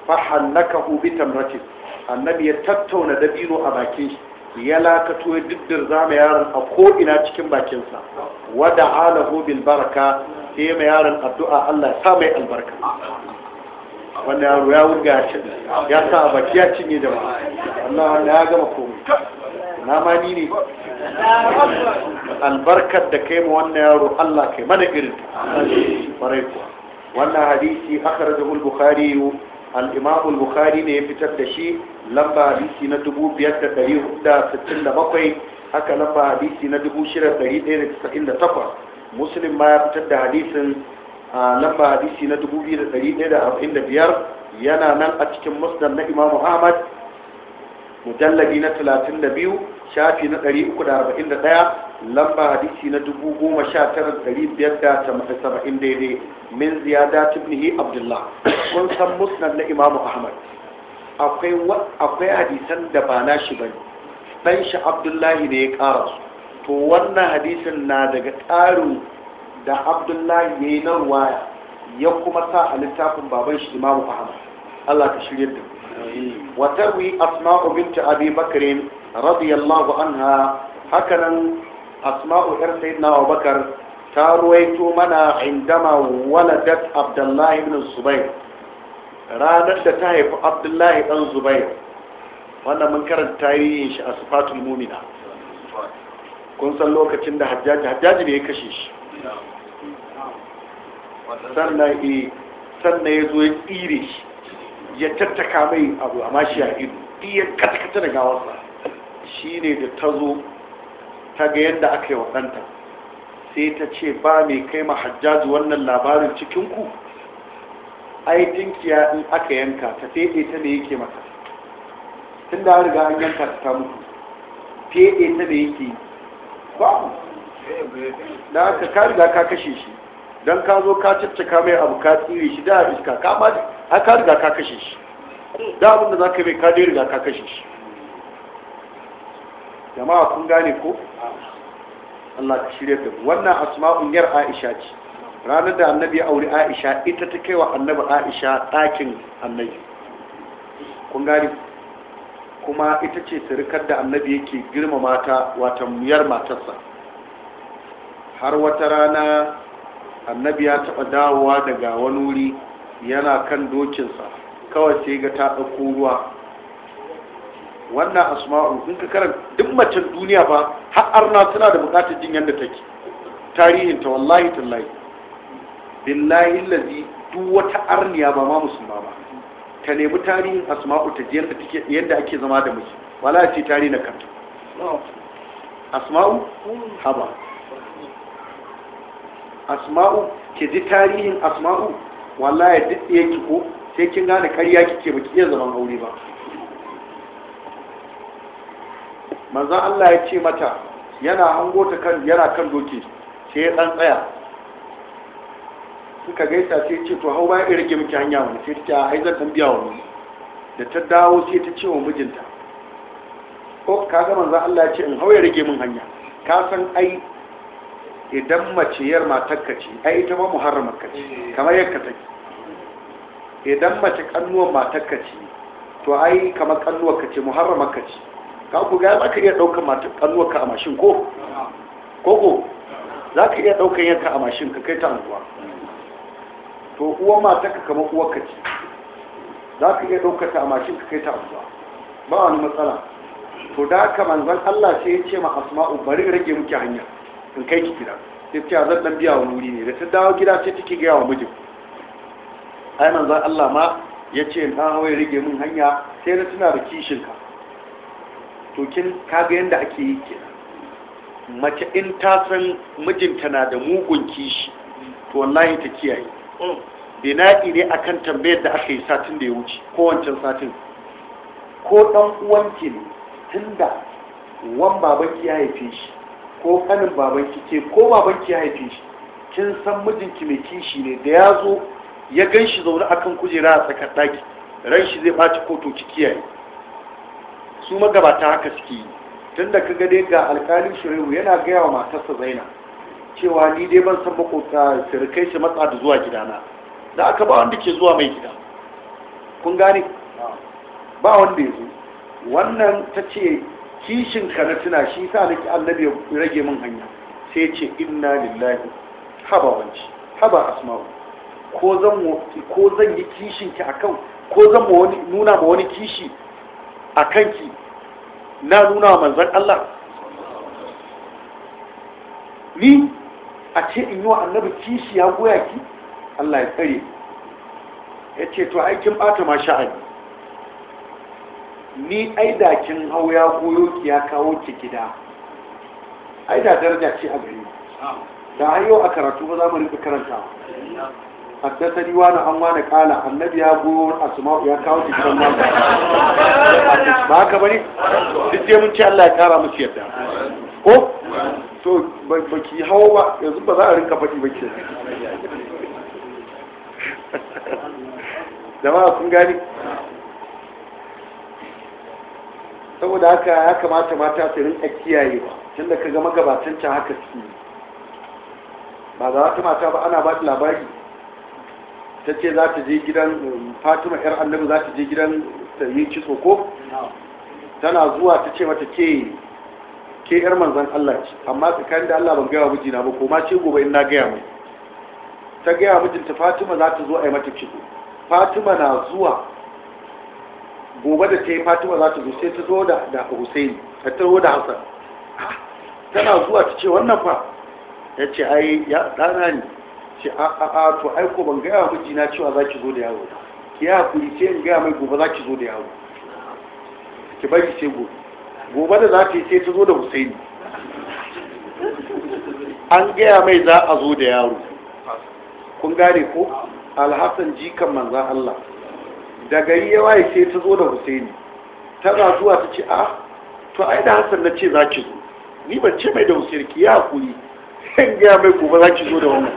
فحنكه بتمرته annabi ya tattauna dabino a bakin shi ya lakato ya diddir zama yaron a ko'ina cikin bakinsa wada alahu bil baraka sai mai yaron addu'a Allah ya sa mai albarka Wannan yaro ya wurga ya ci ya sa a baki ya cinye da Allah wanda ya gama komai na ma ni ne albarkar da kai ma wannan yaro Allah kai mana irin ta wannan hadisi akhrajahu al-bukhari al-imam al-bukhari ne ya fitar da shi lamba hadisi na 5467 haka lamba hadisi na 6198 muslim ma ya fitar da hadisin lamba hadisi na 2145 yana nan a cikin musnad na imam ahmad mujallabi na 32 shafi na 341 lamba hadisi na 19570 daidai min ziyada tubnihi abdullah Mun san musnad na imamu ahmad akwai hadisan da ba na shi bane dan shi abdullahi ne ya kara su to wannan hadisin na daga tsarin da abdullahi ya yi na ruwaya ya kuma sa a littafin baban shi imamu ahmad allah ka shirya da wata wi asma'u binti abi bakrin radiyallahu anha hakanan asma'u yar sayyidina abubakar ta ruwaito mana indama waladat abdullahi ibn zubai ranar da ta haifi abdullahi dan zubair wannan mun karanta yin shi a sifatul mumina kun san lokacin da hajjaji hajjaji ne ya kashe
shi sannan
e, ya zo ya tsire shi ya tattaka mai abu amma shi a ido
iya katakata
da gawarsa shi ne da ta zo ta ga yadda aka yi wa sai ta ce ba mai kai ma hajjaji wannan labarin cikinku ai kiya in aka yanka ta fede ta ne yake mata tun da riga an yanka ta mutu fede ta ne yake mu da aka ka riga ka kashe shi don ka zo ka caccaka mai abu ka tsire shi da iska ka ma a ka riga ka kashe shi da abin da za ka mai ka dai riga ka kashe shi jama'a kun gane ko Allah ka shirya da wannan asma'un yar Aisha ce ranar da annabi ya auri Aisha ita ta kai wa annabi Aisha ɗakin annabi kun gani kuma ita ce sirikar da annabi yake girma mata wata muyar matarsa har wata rana annabi ya taɓa dawowa daga wani wuri yana kan dokinsa kawai sai ga ta ɗauko ruwa wannan asma'u sun ka karanta duk macen duniya ba har arna suna da bukatar jin yadda take tarihin ta wallahi tallahi billahi lazi duk wata arniya ba ma musulma ba ta nemi tarihin asma'u ta ji yadda take yadda ake zama da miki wala ce tarihi na kanta asma'u haba asma'u ke ji tarihin asma'u wallahi duk yake ko sai kin gane ƙarya kike baki iya zaman aure ba manzan Allah ya ce mata yana hango ta kan yana kan doki sai ya dan tsaya suka gaisa sai ce to hau bayan irge miki hanya wani sai ta ce ai zan tambiya wani da ta dawo sai ta ce wa mijinta ko ka ga manzan Allah ya ce in hau ya rage min hanya ka san ai idan maciyar matarka ce ai ita ma muharramarka ce kamar yakka take idan mace kannuwar matarka ce to ai kamar kannuwar ka ce muharramarka ce ka ku ga za ka iya ɗaukar mata ƙannuwar ka a mashin ko koko za ka iya ɗaukar yanka a mashin ka kai ta anguwa to uwa mata ka kama uwa ka ce za ka iya ɗaukar ta a mashin ka kai ta anguwa ba wani matsala to da haka manzan Allah sai ya ce ma Asma'u bari rage muke hanya in kai ki gida sai ce zan ɗan biya wa wuri ne da ta dawo gida sai take gaya wa mijin ai manzan Allah ma ya ce in hawaye rage min hanya sai na tuna da kishin ka to kaga yadda ake yi ke mace in ta san mijinta na da mugun kishi to wallahi ta kiyaye mm. bina'i ne akan tambayar da aka yi satin da ya wuce ko wancan satin ko dan uwanki ne tun da wan babanki ya haife shi ko kanin babanki ke ko babanki ya haife shi kin san mijinki mai kishi ne da ya zo ya gan shi zaune akan kujera a tsakar ɗaki ran shi zai ɓaci ko to ki kiyaye su magabata haka suke yi tun da kaga dai ga alkali shirewu yana gaya wa matarsa zaina cewa ni dai ban san makota sirkai su matsa da zuwa gidana da aka ba wanda ke zuwa mai gida kun gane ba wanda ya zo wannan ta ce kishin ka na tuna shi sa nake annabi ya rage min hanya sai ce inna lillahi haba wanci haba asma'u ko zan yi kishin ki akan ko zan nuna ma wani kishi a kanki na nuna wa manzan Allah ni a ce in yi wa annabi kishi ya goya ki Allah ya tsare ya ce to aikin ɓata ma sha'ani ni aidakin hau ya goyo ki ya kawo ki gida aida daraja ce a gari da yau a karatu ba za mu rika karanta حدثني وانا an قال kala annabi ya go asma'u ya kawo cikin wani ba haka bane duk dai mun ce Allah ya kara musu yadda ko to baki hawo ba ba za kun gani saboda haka ya kamata mata su rinka kiyaye tunda kaga ka gama gabatan haka suke ba za ta mata ba ana ba labari ta ce za ta je gidan um, fatima yar annabi za ta je gidan ta yi kitso ko tana zuwa ta ce mata ke ke yar manzan Allah ce amma tsakanin da Allah ban gaya mijina ba ko ma ce gobe in na gaya mai ta gaya mijinta fatima za ta zo a yi mata kitso fatima na zuwa gobe da ta yi fatima za ta zo sai ta zo da da hussein ta taho da hassan tana zuwa ta ce wannan fa ya ce ai ya dana ne ce a a a to aiko ban ban gaya kuji na cewa za ki zo da yawo ki ya kuri sai in gaya mai gobe za ki zo da yawo ki bari ce gobe gobe da za ta yi sai ta zo da husaini
an gaya mai
za a zo da yaro kun gane ko alhassan jikan manzan Allah da gari ya sai ta zo da husaini ta za zuwa ta ce a to ai da hassan na ce za ki zo ni ban ce mai da husaini ki ya kuri in gaya mai gobe za ki zo da wannan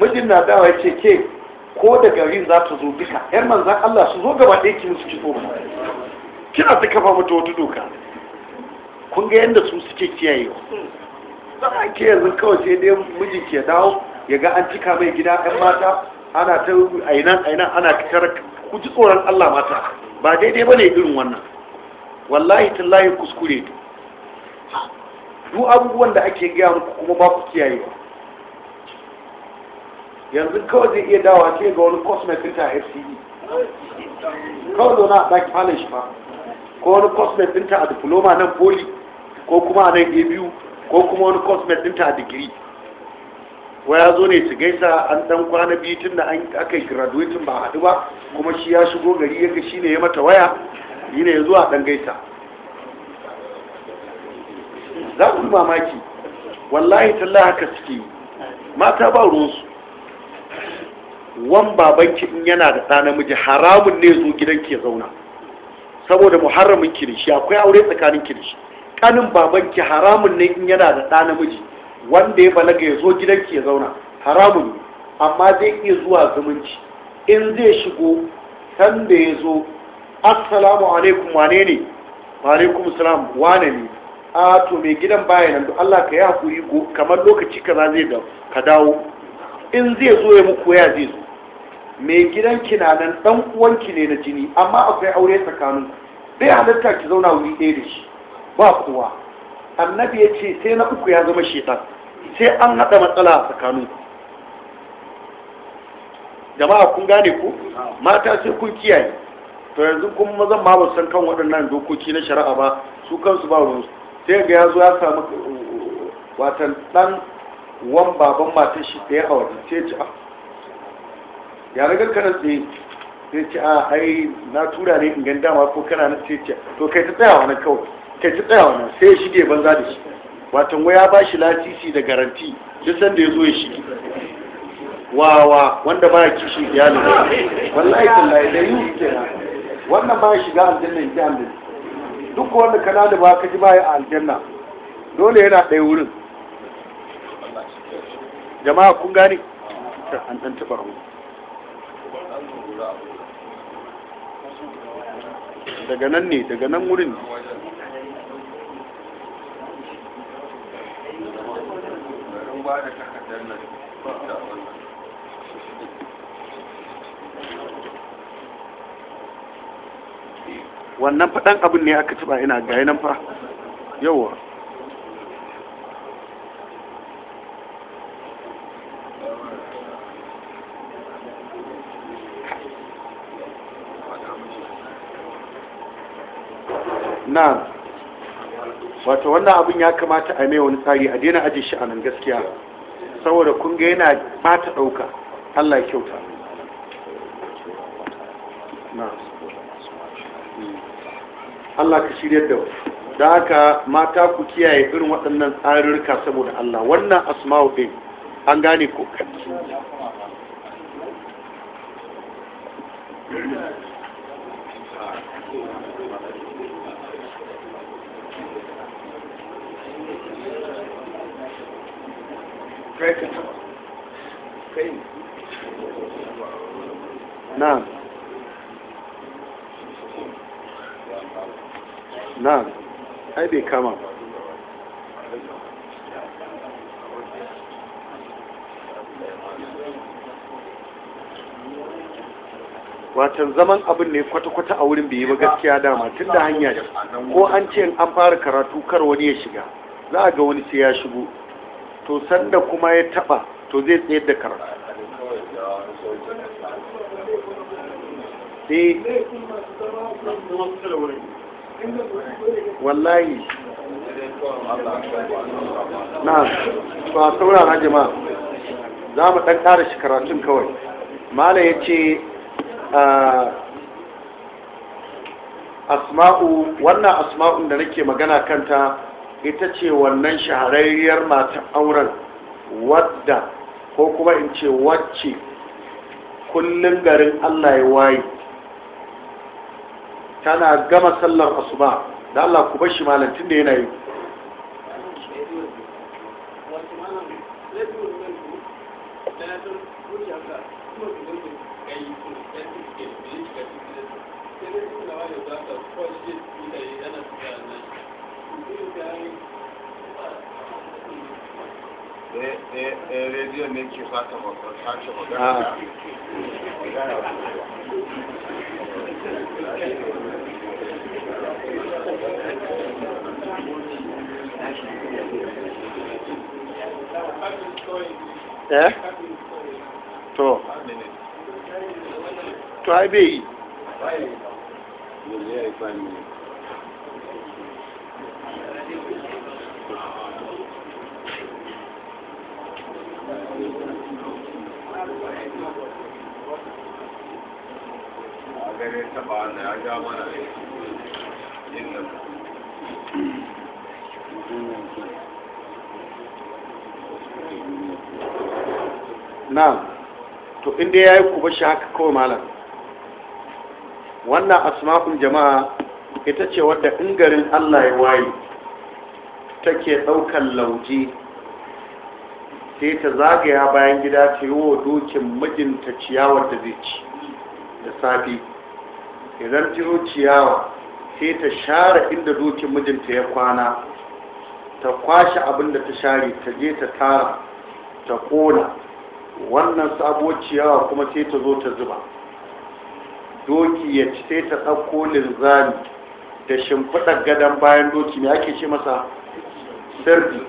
mijin na dawa ya ce ke ko da garin za ta zo duka yar manzan Allah su zo gaba ɗaya ki musu kitso kina ta kafa mata wata doka kun ga yadda su suke kiyayewa
ba a ke yanzu kawai
sai dai miji ke dawo ya ga an cika mai gida ɗan mata ana ta ainan ainan ana kitar ku ji tsoron Allah mata ba daidai ba ne irin wannan wallahi tallahi kuskure duk abubuwan da ake gaya muku kuma ba ku kiyayewa yanzu kawai zai iya dawa ce ga wani cosmetic a fce kawai zauna a ɗaki falon shi ba ko wani cosmet ɗinta a diploma nan poli ko kuma a nan biyu, ko kuma wani cosmet ɗinta a digiri wa ya zo ne su gaisa an ɗan kwana biyu tun da aka yi graduating ba haɗu ba kuma shi ya shigo gari yake shi ne ya mata waya yi ne ya zo a ɗan gaisa za ku mamaki wallahi tallah haka suke mata ba ruwansu wan babanki in yana da ɗa namiji haramun ne zo gidanki ya zauna saboda muharramin shi akwai aure tsakanin ki da kirishi kanin babanki haramun ne in yana da ɗa namiji wanda ya balaga ya zo gidanki ya zauna haramun ne amma zai iya zuwa zumunci in zai shigo sanda ya zo assalamu alaikum wane ne alaikum salam wane ne a to mai gidan baya nan Allah ka yi hakuri kamar lokaci kaza zai da ka dawo in zai zo ya muku ya zai zo mai gidan na nan dan uwanki ne na jini amma akwai aure tsakanin bai halatta ki zauna wuri ɗaya da shi ba kowa annabi ya ce sai na uku ya zama shetan sai an haɗa matsala tsakanin jama'a kun gane ku mata sai kun kiyaye to yanzu kun mazan ma ba san kan waɗannan dokoki na shari'a ba su kansu ba ruwan sai ga ya zo ya samu uh, watan ɗan wan baban matan shi ɗaya a wajen sai ya ci ya ragar kana tsaye sai ce a ah, ai na tura ne in dama ko kana na sai ce to kai ta tsaya wani kawai kai ta tsaya wani sai ya shige banza da shi watan waya ba shi lasisi da garanti duk sanda ya zo ya shige wawa wanda ba ya kishi iyali wallahi tallahi da yi kenan wannan ba ya shiga aljanna yake aljanna duk wanda kana da ba ka ji baya a aljanna dole yana ɗaya wurin jama'a kun gane an ɗan taɓa rahoto
daga nan ne daga nan wurin
wannan faɗan abin ne aka taɓa ina ga nan fa yawa na wato wannan abin ya kamata a mai wani tsari a daina aji shi a nan gaskiya saboda kun ga yana bata ɗauka allah
ya kyauta na
allah ka shirya da da haka mata ku kiyaye irin waɗannan tsarurruka saboda allah wannan asma'u ɗin an gane ko watan zaman abin ne kwata-kwata a wurin bai ba gaskiya dama tun da hanya ko an ce an fara karatu kar wani ya shiga za a ga wani sai ya shigo to sanda kuma ya taba to zai tsayar da karatu eh. wallahi
na ba
saurara jama'a za mu ɗan ƙara shi karatun kawai mala ya ce ah, asma'u wannan asma'un da nake magana kanta ita ce wannan shahararriyar matan auren wadda ko kuma in ce wacce kullum garin allah ya waye tana gama sallar asuba da allah ku bashi malantin da yana yi
Thank you.
Eh, eh, eh, rediyon ne
ke fata sace na
to inda ya yi kuba shi haka kawai malam wannan asma'un jama'a ita ce wadda ingarin allah ya waye take ɗaukan lauje sai ta zagaya bayan gida ta yi wa dokin mijinta ciyawar da zai ci da safe idan ta yi ciyawa sai ta share inda dokin mijinta ya kwana ta kwashe abin da ta share ta je ta tara ta kona wannan sabuwar ciyawa kuma sai ta zo ta zuba doki ya ci sai ta ɗauko linzami da shimfiɗar gadon bayan doki ne ake ce masa sirri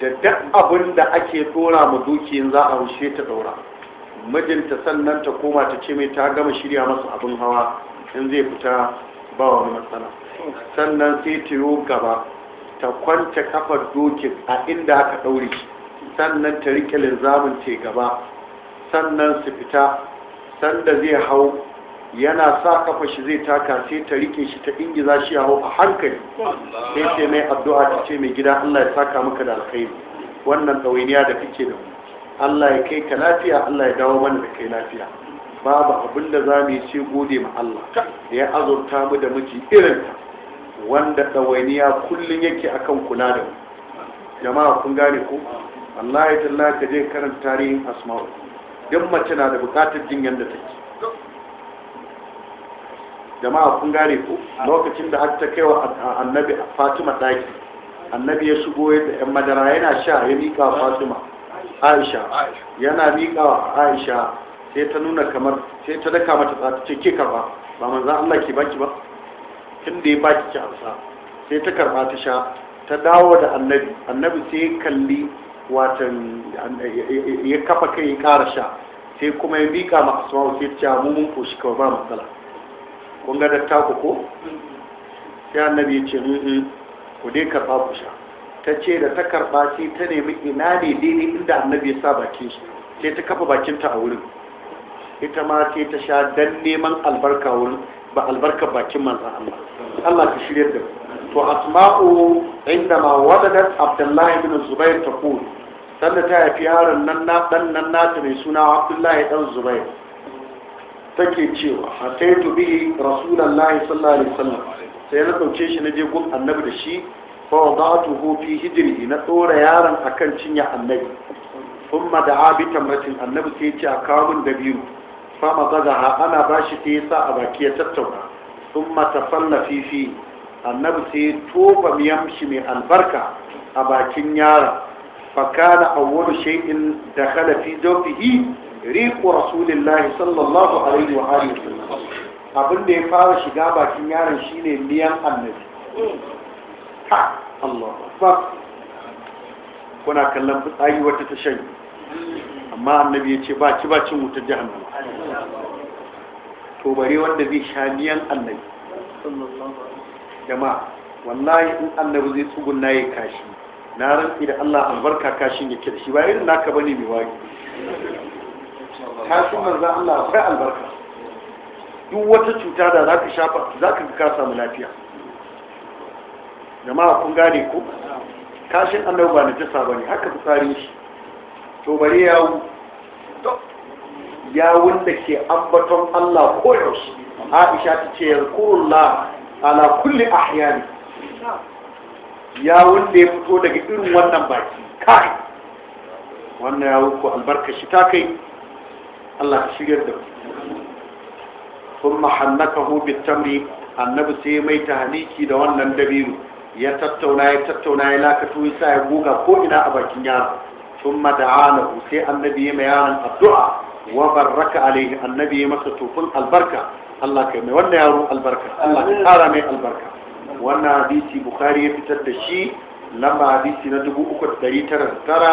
da duk abin da ake dora ma dukiyin za a rushe ta dora mijinta sannan ta koma ta ce mai ta gama shirya masa abin hawa in zai fita ba wani matsala sannan sai ta yi gaba ta kwanta kafar dokin a inda aka ɗaure sannan ta rike linzamin ce gaba sannan su fita sanda zai hau yana sa kafa shi zai taka sai ta rike shi ta ingiza shi a hankali sai ce mai addu'a ta ce mai gida Allah ya saka maka da alkhairi wannan ɗawainiya da kake da mu Allah ya kai ka lafiya Allah ya dawo mana da kai lafiya babu abin da za mu yi ce gode ma Allah da ya azurta mu da miji irin wanda ɗawainiya kullum yake akan kula da mu jama'a kun gane ko Allah ya tallaka je karanta tarihin asma'u duk mace na da bukatar jin yadda take jama'a kun gane ku. lokacin da har ta kai wa annabi fatima ɗaki annabi ya shigo da yan madara yana sha ya mika fatima aisha yana mika wa aisha sai ta nuna kamar sai ta daka mata ta ce ke karba ba manzo allah ki baki ba tun da ya baki ki amsa sai ta karba ta sha ta dawo da annabi annabi sai ya kalli watan ya kafa kai ya ƙara sha sai kuma ya miƙa ma asma'u sai ta ce mu mun koshi kawai ba matsala kun ga ku ko sai annabi ya ce ku dai karɓa ku sha ta ce da ta karɓa sai ta nemi ina ne daidai inda annabi ya sa bakin shi sai ta kafa bakinta a wurin ita ma sai ta sha dan neman albarka wurin ba albarkar bakin manzan Allah Allah ka shirya da to asma'u inda ma wadadat abdullahi bin zubair ta kuri sanda ta haifi yaron nan na dan nan nata mai suna abdullahi dan zubair take cewa ataitu bihi rasulullahi sallallahu alaihi wasallam sai na ɗauke shi na je gun annabi da shi fa wada'tuhu fi hijrihi na tsora yaron akan cinya annabi thumma da'a bi tamratin annabi sai ya ce a kawun min dabiru fa ha ana bashi shi ya sa a baki ya tattauna ta tafalla fifi annabi sai tofa miyamshi mai albarka a bakin yaron fa kana awwalu shay'in dakhala fi dawfihi riƙo lahi sallallahu alaihi wa hannu abin da ya fara shiga bakin yaron ne miyan annabi ha Allah ba kuna kallon fitsari wata ta shan amma annabi ya ce ba ci ba cin wutar jihar to bare wanda zai sha miyan annabi jama'a wallahi in annabi zai na yi kashi na rantsi da Allah albarka kashin yake da shi ba irin naka bane mai wari
kashin manzan Allah akwai albarka
duk wata cuta da za ka shafa za ka ka samu lafiya jama'a kun gane ko kashin annabi ba najasa ba ne haka fitsarin shi to bare yawo yawun da ke ambaton Allah ko yaushe Aisha ta ce ya yarkurullah ala kulli ahyani yawun da ya fito daga irin wannan baki kai wannan yawun ko shi ta kai Allah ka shigar da sun mahannakahu tamri annabi sai mai ta tahaniki da wannan dabiru ya tattauna ya tattauna ya lakatu sa ya guga ko ina a bakin yaron sun mada'anahu sai annabi ya mai yaron addu'a wa barraka alaihi annabi ya masa tufin albarka Allah kai mai wannan yaro albarka Allah ka kara mai albarka wannan hadisi bukari ya fitar da shi lamba hadisi na dubu uku da da dari tara tara.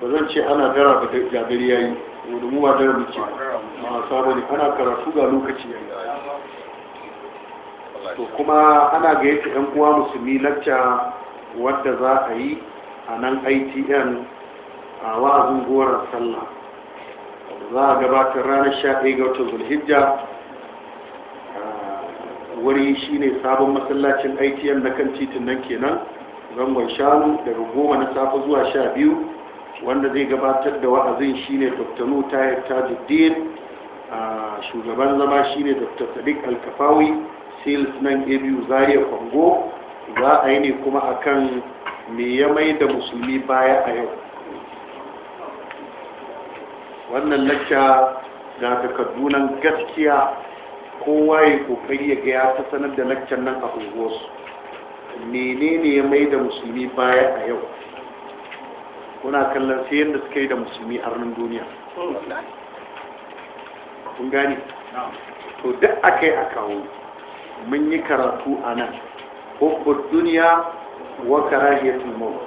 ba zan ce ana dara ga gagari yayi wadda mu ba dara muke ba ne ana karatu ga lokaci yayi to kuma ana gayyata yan uwa musulmi lacca wadda za a yi a nan itn a wa'azin gowar sallah za a gabatar ranar 11 ga watan zulhijja ah, wuri shine sabon masallacin itn na kan titin nan kenan zangon shanu daga goma na safe zuwa sha biyu wanda zai gabatar da wa'azin shine dr mutayar tajuddin shugaban zama shine dr sadiq alkafawi sales nan abu zaria kwango za a yi ne kuma akan me ya mai da musulmi baya a yau wannan lacca ga takardu nan gaskiya kowa ya kokari ya gaya ta sanar da laccan nan a unguwarsu menene ya mai da musulmi baya a yau kuna kallon sai yadda suka yi da musulmi a ranar duniya kun gani to duk a yi a kawo mun yi karatu a nan hubbun duniya wa karahiyatul maut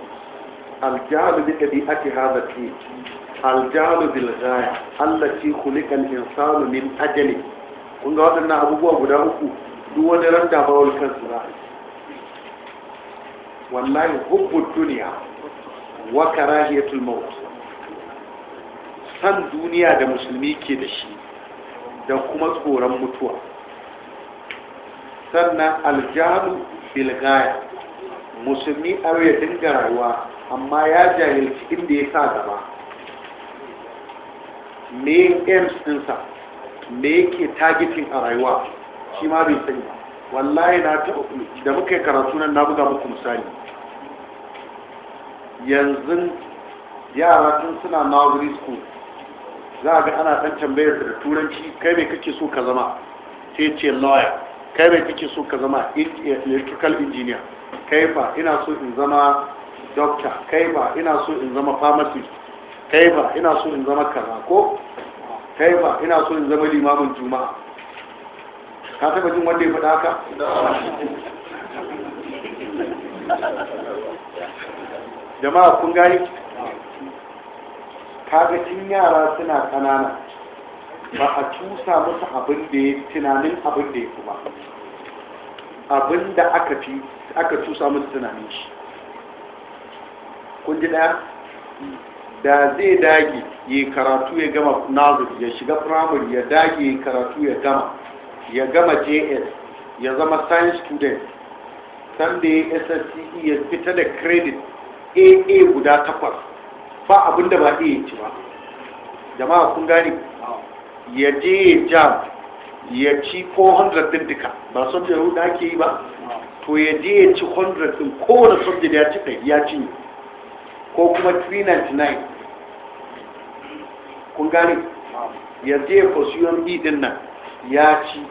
aljahalu bi tabi'ati hadha fi aljahalu bil ghaya allati khuliqa al insanu min ajali kun ga waɗannan abubuwa guda uku duk wani randa bawul kan sura. wallahi hubbun duniya wa karahiyatul maut san duniya da musulmi ke da shi da kuma tsoron mutuwa sannan aljahu bilgaya musulmi aro ya dinga rayuwa amma ya jahilci inda ya sa gaba me aims ɗinsa me yake targeting a rayuwa shi ma bai sani wallahi na taɓa da muka karatu nan na buga muku misali yanzu yara tun suna nursery school za a ga ana ɗan tambayar da turanci kai mai kake so ka zama sai ce lawyer kai mai kake so ka zama electrical engineer kai ba ina so in zama doctor kai ba ina so in zama pharmacist kai ba ina so in zama kaza ko kai ba ina so in zama limamin juma'a ka taba jin wanda ya faɗa haka
<laughs> jama'a kun
gani kaga tun yara suna kanana ba a cusa musu abin da ya tunanin abin da ya ba abin da aka fi aka cusa musu tunanin shi kun ji daya da zai dage ya karatu ya gama nazir ya shiga primary ya dage ya karatu ya gama ya gama js ya zama science student sanda ya ssce ya fita da credit aa guda takwas ba abin da ba iya ci ba jama'a kun gani ya je jam ya ci 400 din duka ba subject ruɗa ake yi ba to ya je ya ci 100 din kowane subject ya ci ya ci ko kuma 399 kun gani ya je fasuyon e din nan ya ci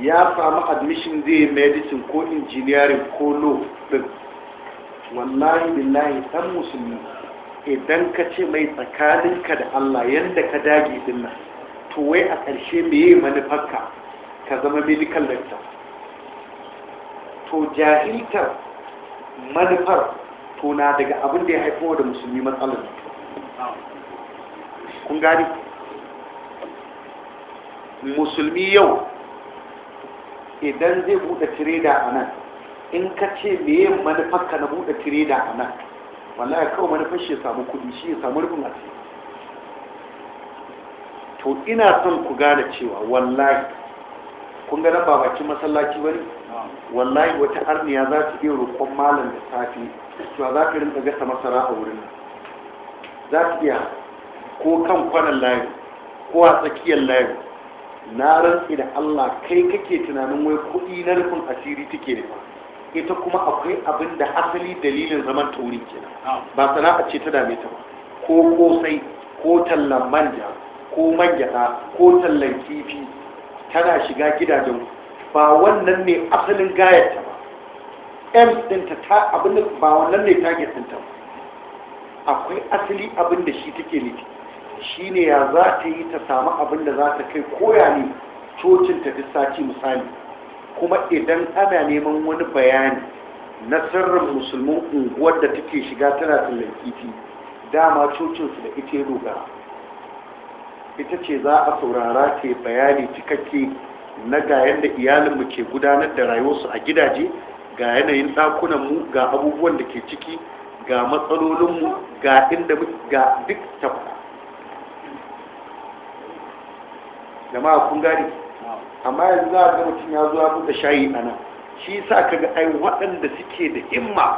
ya samu admission zai medicine ko engineering ko law din wallahi billahi dan musulmi idan ka ce mai tsakaninka da Allah yadda ka dage dinna to wai a ƙarshe yi manufarka ka zama medical doctor to jahiltar manufar to na daga abin da ya haifo da musulmi matsalar kun gani musulmi yau idan zai buɗe tireda a nan in ka ce me yin manufarka na buɗe tireda a nan wallahi kawai manufar shi ya samu kuɗi shi ya samu rufin asiri to ina son ku gane cewa wallahi kun ga ba bakin masallaci ba ne wallahi wata arniya za ta iya roƙon malam da safi cewa za ka rinka gasa masara a wurin nan za ta iya ko kan kwanan layu ko a tsakiyar layu na rantsi da allah kai kake tunanin wai kuɗi na rufin asiri take ne ba ita kuma akwai abin da asali dalilin zaman tauri kenan ah. ba sana'a ce ta dame ta ba ko kosai ko tallan manja ko mangyada ko tallan kifi tana shiga gidajen ba wannan ne asalin gayar ta ba m ɗinta ta abin da ba wannan ne target ta ba akwai asali abin da shi take nufi shi ne ya za ta yi ta samu abin da za ta kai koya ne cocin ta duk sati misali kuma idan ana neman wani bayani na sirrin musulmin unguwar da take shiga tana tallan kifi dama cocinsu da ita ya dogara ita ce za a saurara ke bayani cikakke na ga yadda iyalinmu ke gudanar da rayuwarsu a gidaje ga yanayin ɗakunanmu ga abubuwan da ke ciki ga matsalolinmu ga inda ga duk tabbata jama'a kun gari amma yanzu za a ga mutum ya zo ya buɗe shayi a nan shi sa ga ai waɗanda suke da himma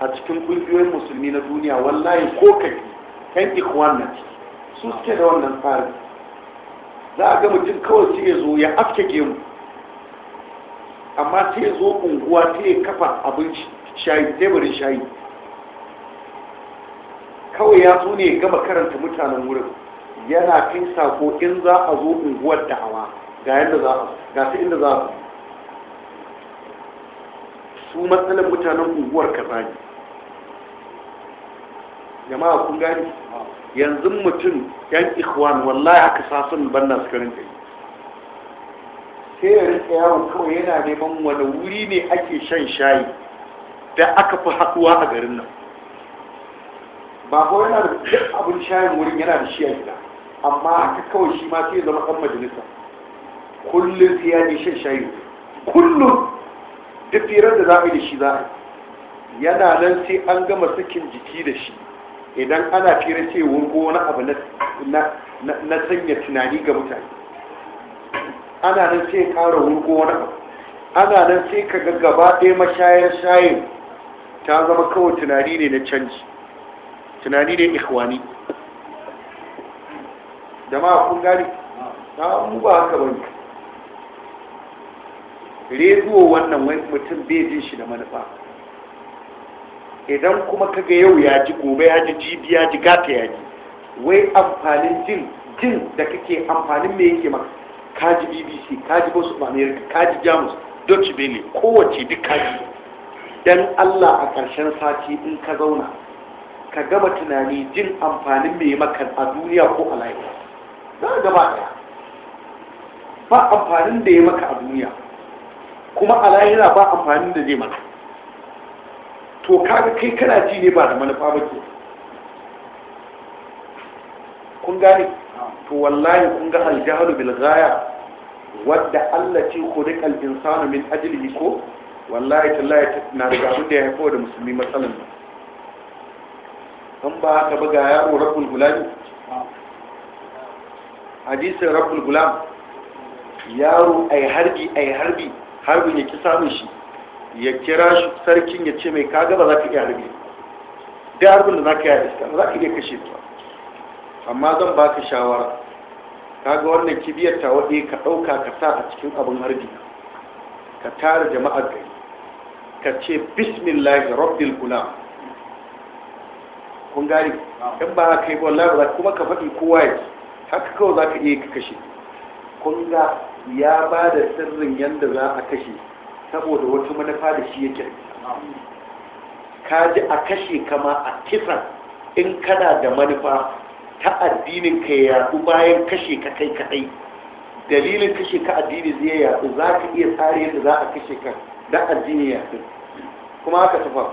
a cikin ƙungiyoyin musulmi na duniya wallahi ko kaji yan ikwan na ciki su suke da wannan tsari za a ga mutum kawai sai ya zo ya afke gemu amma sai ya zo unguwa sai ya kafa abin shayi teburin shayi kawai ya zo ne gama karanta mutanen wurin yana kai sako in za a zo unguwar da'awa ga yadda za su inda su matsalar mutanen unguwar kaza ne jama'a kun gani yanzu mutum yan ikhwan wallahi aka sasun banna su karin kai sai ya rika yawon kawai yana neman wani wuri ne ake shan shayi da aka fi haɗuwa a garin nan ba ko yana da duk abin shayin wurin yana da shi a gida amma haka kawai shi ma sai ya zama ɗan majalisa kullum sai ya je shan shayi kullum duk firar da za a yi da shi za a yana nan sai an gama sakin jiki da shi idan ana firar sai wurgo wani abu na sanya tunani ga mutane ana nan sai kara wurgo wani abu ana nan sai ka ga gaba ɗaya mashayar shayin ta zama kawai tunani ne na canji tunani ne ikhwani jama'a kun gani na mu ba haka bane rediyo wannan wani mutum bai jin shi da manufa idan kuma kaga yau ya ji gobe ya ji jibi ya ji gata ya ji wai amfanin jin jin da kake amfanin mai yake maka kaji bbc kaji bosu america kaji jamus dutch bailey kowace duk kaji dan allah a ƙarshen sati in ka zauna ka gama tunani jin amfanin mai maka a duniya ko a lahira za a gaba ɗaya ba amfanin da ya maka a duniya kuma a yana ba amfanin da zai mana to kaga kai kana ji ne ba da manufa ba ke kun gane to wallahi kun ga aljahalu bil ghaya wadda Allah ce ko da insanu min ajlihi ko wallahi tallahi na da abin da ya haifo da musulmi matsalan nan an ba ka buga yaro rabbul gulam hadisi rabbul gulam yaro ai harbi ai harbi harbin ya ki samun shi ya kira shi sarkin ya ce mai kaga ba za ka iya harbi da harbin da za ka yi iska za ka iya kashe ta amma zan ba ka shawara kaga wannan kibiyar ta waɗe ka ɗauka ka sa a cikin abin harbi ka tara jama'ar gari ka ce da rabbil kula kun gari in ba kai yi wallahi ba kuma ka faɗi kowa ya haka kawai za ka iya ka kashe kun ga ya ba da sirrin yadda za a kashe saboda wata manufa da shi yake ka ji a kashe kama a kisa in kana da manufa ta addinin ka ya yadu bayan kashe ka kai kadai dalilin kashe ka addini zai yadu za ka iya tsari yadda za a kashe ka da addini ya kuma haka tafa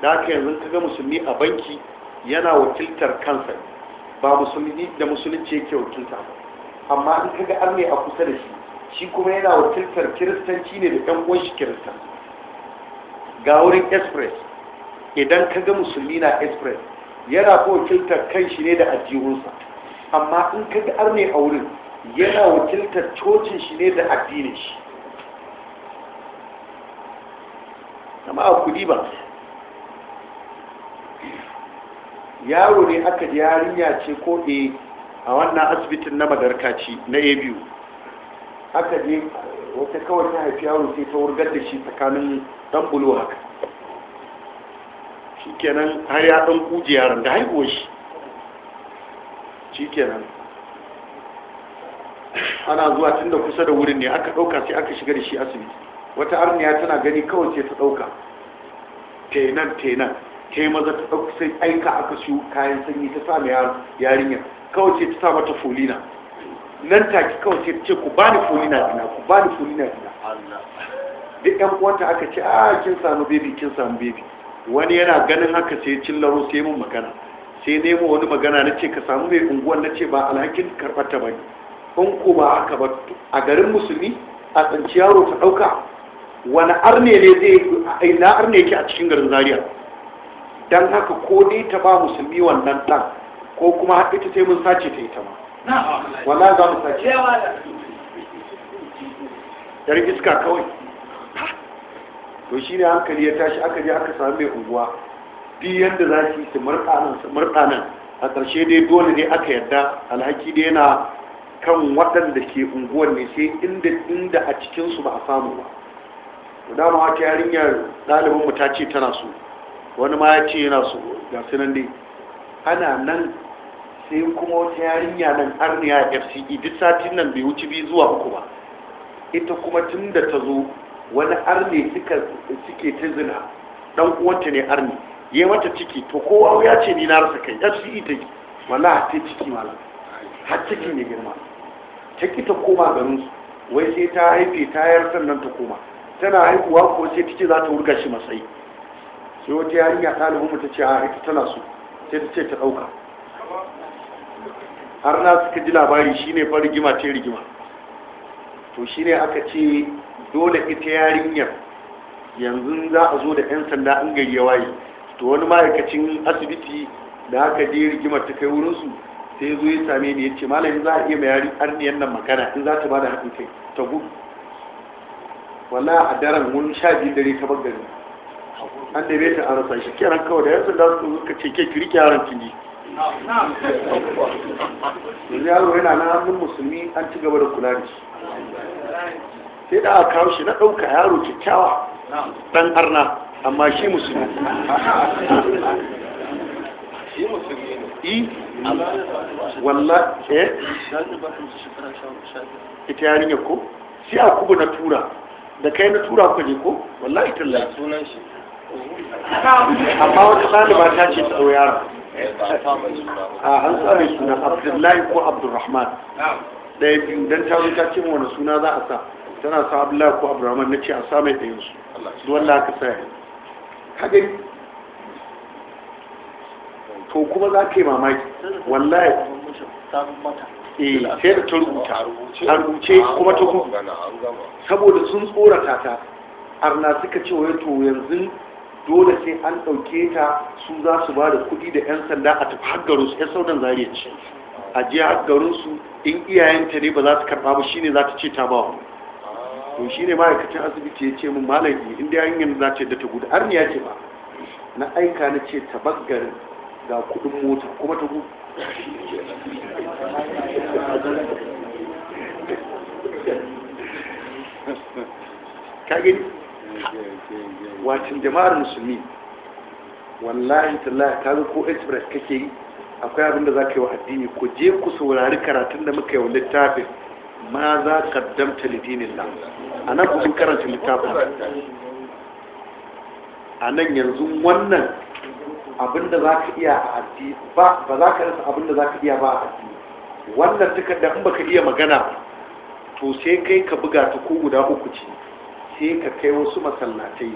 da aka yanzu ka ga musulmi a banki yana wakiltar kansa ba musulmi da musulunci yake wakilta amma in kaga an ne a kusa da shi shi kuma yana wakiltar kiristanci ne da ɗan uwan shi kiristan ga wurin express idan kaga musulmi na express yana ko wakiltar kan shi ne da addinunsa amma in kaga an ne a wurin yana wakiltar cocin shi ne da addinin shi amma a kudi ba yawo ne aka yarinya ce ko e a wannan asibitin na madarkaci na biyu aka je wata kawai ta haifi yaro sai ta wurgar da shi tsakanin dan bulo haka kenan har ya dan kuje yaron da haihuwa shi kenan ana zuwa tun da kusa da wurin ne aka ɗauka sai aka shiga da shi asibiti wata arniya tana gani kawai sai ta ɗauka tenan tenan ta yi maza ta sai aika aka siyo kayan sanyi ta sa mai yarinya kawai ce ta sa mata folina nan ki kawai ce ce ku bani folina dina ku bani folina dina duk yan uwanta aka ce a ah, kin samu bebi kin samu bebi wani yana ganin haka sai cin laro sai mun magana sai nemo wani magana na ce ka samu mai unguwan na ce ba alhakin karɓar ta ba in ko ba haka ba a garin musulmi a tsanci yaro ta ɗauka wani arne ne zai A ina arne ke a cikin garin zaria don haka ko dai ta ba musulmi wannan ɗan ko kuma ita sai mun sace ta ita ma wala za mu sace yar iska kawai to shi ne hankali ya tashi aka je aka sami mai unguwa duk yadda za su yi su a ƙarshe dai dole ne aka yarda alhaki dai yana kan waɗanda ke unguwar ne sai inda inda a cikinsu ba a samu ba da ma wata yarinyar ɗalibinmu ta ce tana so wani ma ya ce yana su ga sunan dai ana nan sai kuma wata yarinya nan har ne a fce duk satin nan bai wuce biyu zuwa uku ba ita kuma tun da ta zo wani arne suke ta zina dan uwanta ne arne ya mata ciki to kowa ya ce ni na rasa kai fce ta yi wala har ta ciki mala har ciki ne girma ta ki ta koma garin su wai sai ta haife ta yar sannan ta koma tana haihuwa ko sai ta ce za ta wurga shi matsayi sai wata yarinya ɗalibin ta ce a ita tana su, sai ta ce ta ɗauka har na suka ji labari ne fa rigima ce rigima to shi ne aka ce dole ita yarinyar yanzu za a zo da 'yan sanda in ya waye to wani ma'aikacin asibiti da aka je rigimar ta kai wurinsu sai zo ya same ni ya ce malamin za a iya mai yari niyan nan magana in za ta ba da haɗin kai ta gudu wala a daren wani sha biyu dare ta bar an da bai ta an rasa shi kenan kawai da yanzu da su suka ce ke kiri yaran
tuni yanzu yaro yana na
hannun musulmi an ci gaba da kula da shi sai da aka kawo shi na ɗauka yaro kyakkyawa ɗan arna amma shi musulmi shi musulmi ne walla eh ita yarinya ko sai a kubu na tura da kai na tura kuka je ko wallahi tallahi sunan shi
amma wata ɗaliba ta ce ta ɗau yara a an tsara suna abdullahi
ko abdurrahman ɗaya biyu don ta ta ce wani suna za a sa tana sa abdullahi ko abdurrahman na ce a sa mai ɗayan su duk wanda sa yayi kaga to kuma za ka yi mamaki wallahi eh sai da ta rubuta a rubuce kuma ta kuma saboda sun tsorata ta arna suka ce wai to yanzu dole sai an ɗauke ta su za su ba da kuɗi da 'yan sanda a tafi haggarinsu 'yan saudan zariya ce a je haggarinsu in iyayenta ne ba za su karɓa ba shine za ta ce ta ba wani to shine ma'aikacin asibiti ya ce min malami inda dai hanyar za ta yadda ta gudu har ya ce ba na aika na ce ta baggarin ga kuɗin mota kuma ta gudu <laughs> ka gani wacin jama'ar musulmi wallahi tallahi zo ko express kake yi akwai abin da za ka yi wa addini ku je ku saurari karatun da muka yi wa littafin ma za ka damta litinin nan a nan kusur karanta littafin a nan yanzu wannan abin da za ka iya a addini ba za ka rasa abin da za ka iya ba a addini wannan da in baka iya magana to sai kai ka buga ta ko guda uku ce sai ka kai wasu masallatai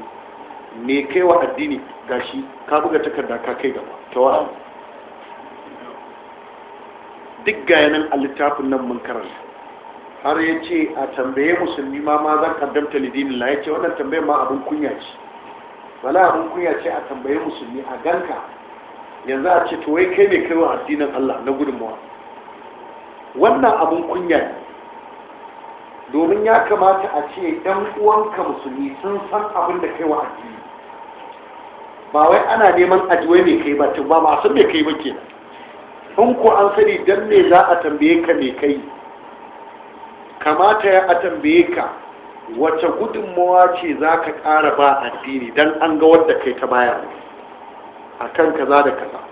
me kai wa addini gashi ka buga takarda ka kai gaba ta duk gayanan a littafin nan mun karanta har ya ce a tambaye musulmi ma ma zan kaddamta lidinin la ya ce wannan tambayar ma abin kunya ce wala abin kunya ce a tambaye musulmi a ganka yanzu a ce to wai kai ne kai wa addinin Allah na gudunmawa wannan abin kunya ne domin ya kamata a ce ɗan uwanka musulmi sun san abin da kai wa addini ba wai ana neman ajiwai mai kai ba tun ba ba mai kai ba kenan in ko an sani dan me za a tambaye ka mai kai kamata ya a tambaye ka wace gudunmawa ce za ka ƙara ba addini dan an ga wadda kai ta baya a kan kaza da kaza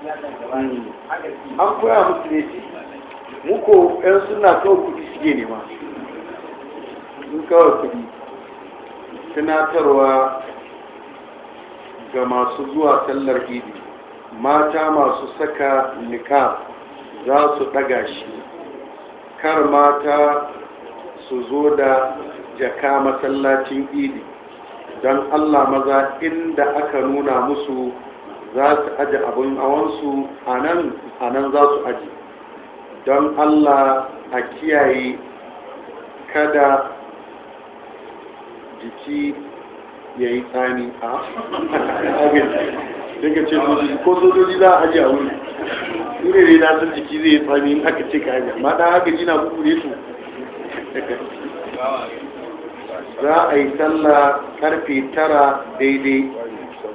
an koya musu ne
muku yan suna kawo kudi ne ma. sun kawai kudi tunatarwa ga masu zuwa sallar idi mata masu saka nika za su daga shi kar mata su zo da jaka masallacin idi don allah maza inda aka nuna musu za su aji abin awansu a nan a nan za su aji. don allah a kiyaye kada jiki ya yi tsani a abin daga ce sojoji ko sojoji za a aji a wuri ne ne na san jiki zai yi tsani in aka ce ka hanyar ma ɗan haka jina kukure su za a yi sallah karfe tara daidai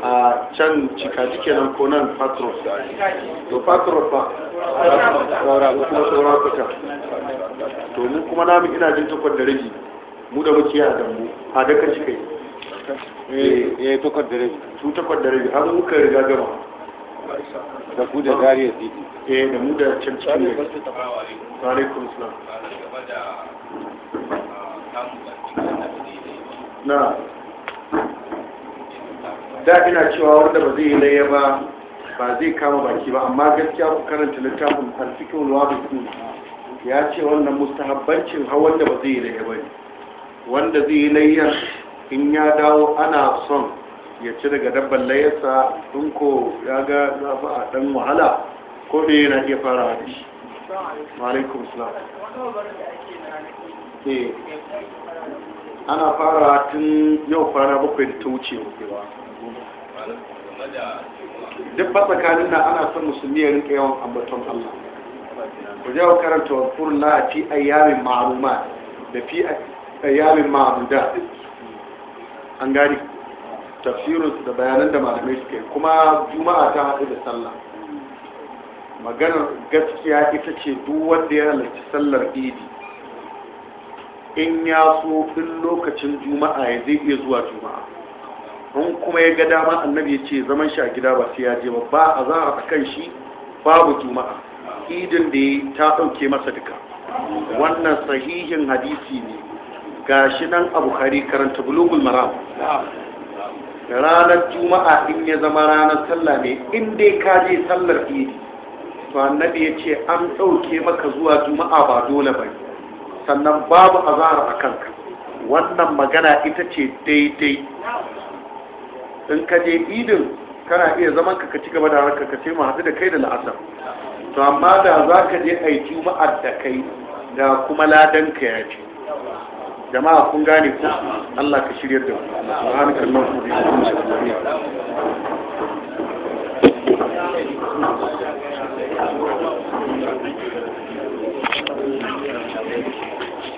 a can cika-cike nan ko nan patros to patros ba
saura ko kuma saura kuta to
mu kuma namu ina jin takwas da rigi mu da muke a dambu a dakan shi kai eh, eh takwas da rigi su takwas da rigi har muka riga gama
da ku da dariya
titi eh da mu da can cikin ne
wa
alaikum salam na da ina cewa wanda ba zai yi laye ba ba zai kama baki ba amma gaskiya ku karanta littafin alfikin wabisu ya ce wannan mustahabbancin har wanda ba zai yi laye ba ne wanda zai yi layyar in ya dawo ana son ya ci daga dabban layarsa in ko ya ga zafi a dan wahala ko me yana iya fara da shi alaikum salam eh, ana fara tun yau kwana bakwai da ta wuce ba.
duk ba tsakanin
na ana son musulmi ya rinka yawan ambaton Allah ku jawo karanta wa kurla fi ayyamin ma'aluma da fi ayyamin ma'amuda an gari tafsirin da bayanan da malamai suke kuma juma'a ta haɗu da sallah maganar gaskiya ita ce duk wanda ya halarci sallar idi in ya so duk lokacin juma'a ya zai iya zuwa juma'a An kuma ya ga dama annabi ya ce zaman shi a gida ba sai ya je ba ba a za a kan shi babu juma'a idin da ta ɗauke masa duka wannan sahihin hadisi ne ga shi nan abu hari karanta bulugul maram ranar juma'a in ya zama ranar sallah ne in dai ka je sallar idi to annabi ya ce an ɗauke maka zuwa juma'a ba dole ba sannan babu azahar a kanka wannan magana ita ce daidai in ka je idin kana iya zaman ka ci gaba da harkar ka ce mu hadu da kai da la'asar
to amma da za ka
je a yi juma'ar da kai da kuma ladan ka ya ce jama'a kun gane ku Allah ka shirya da
mu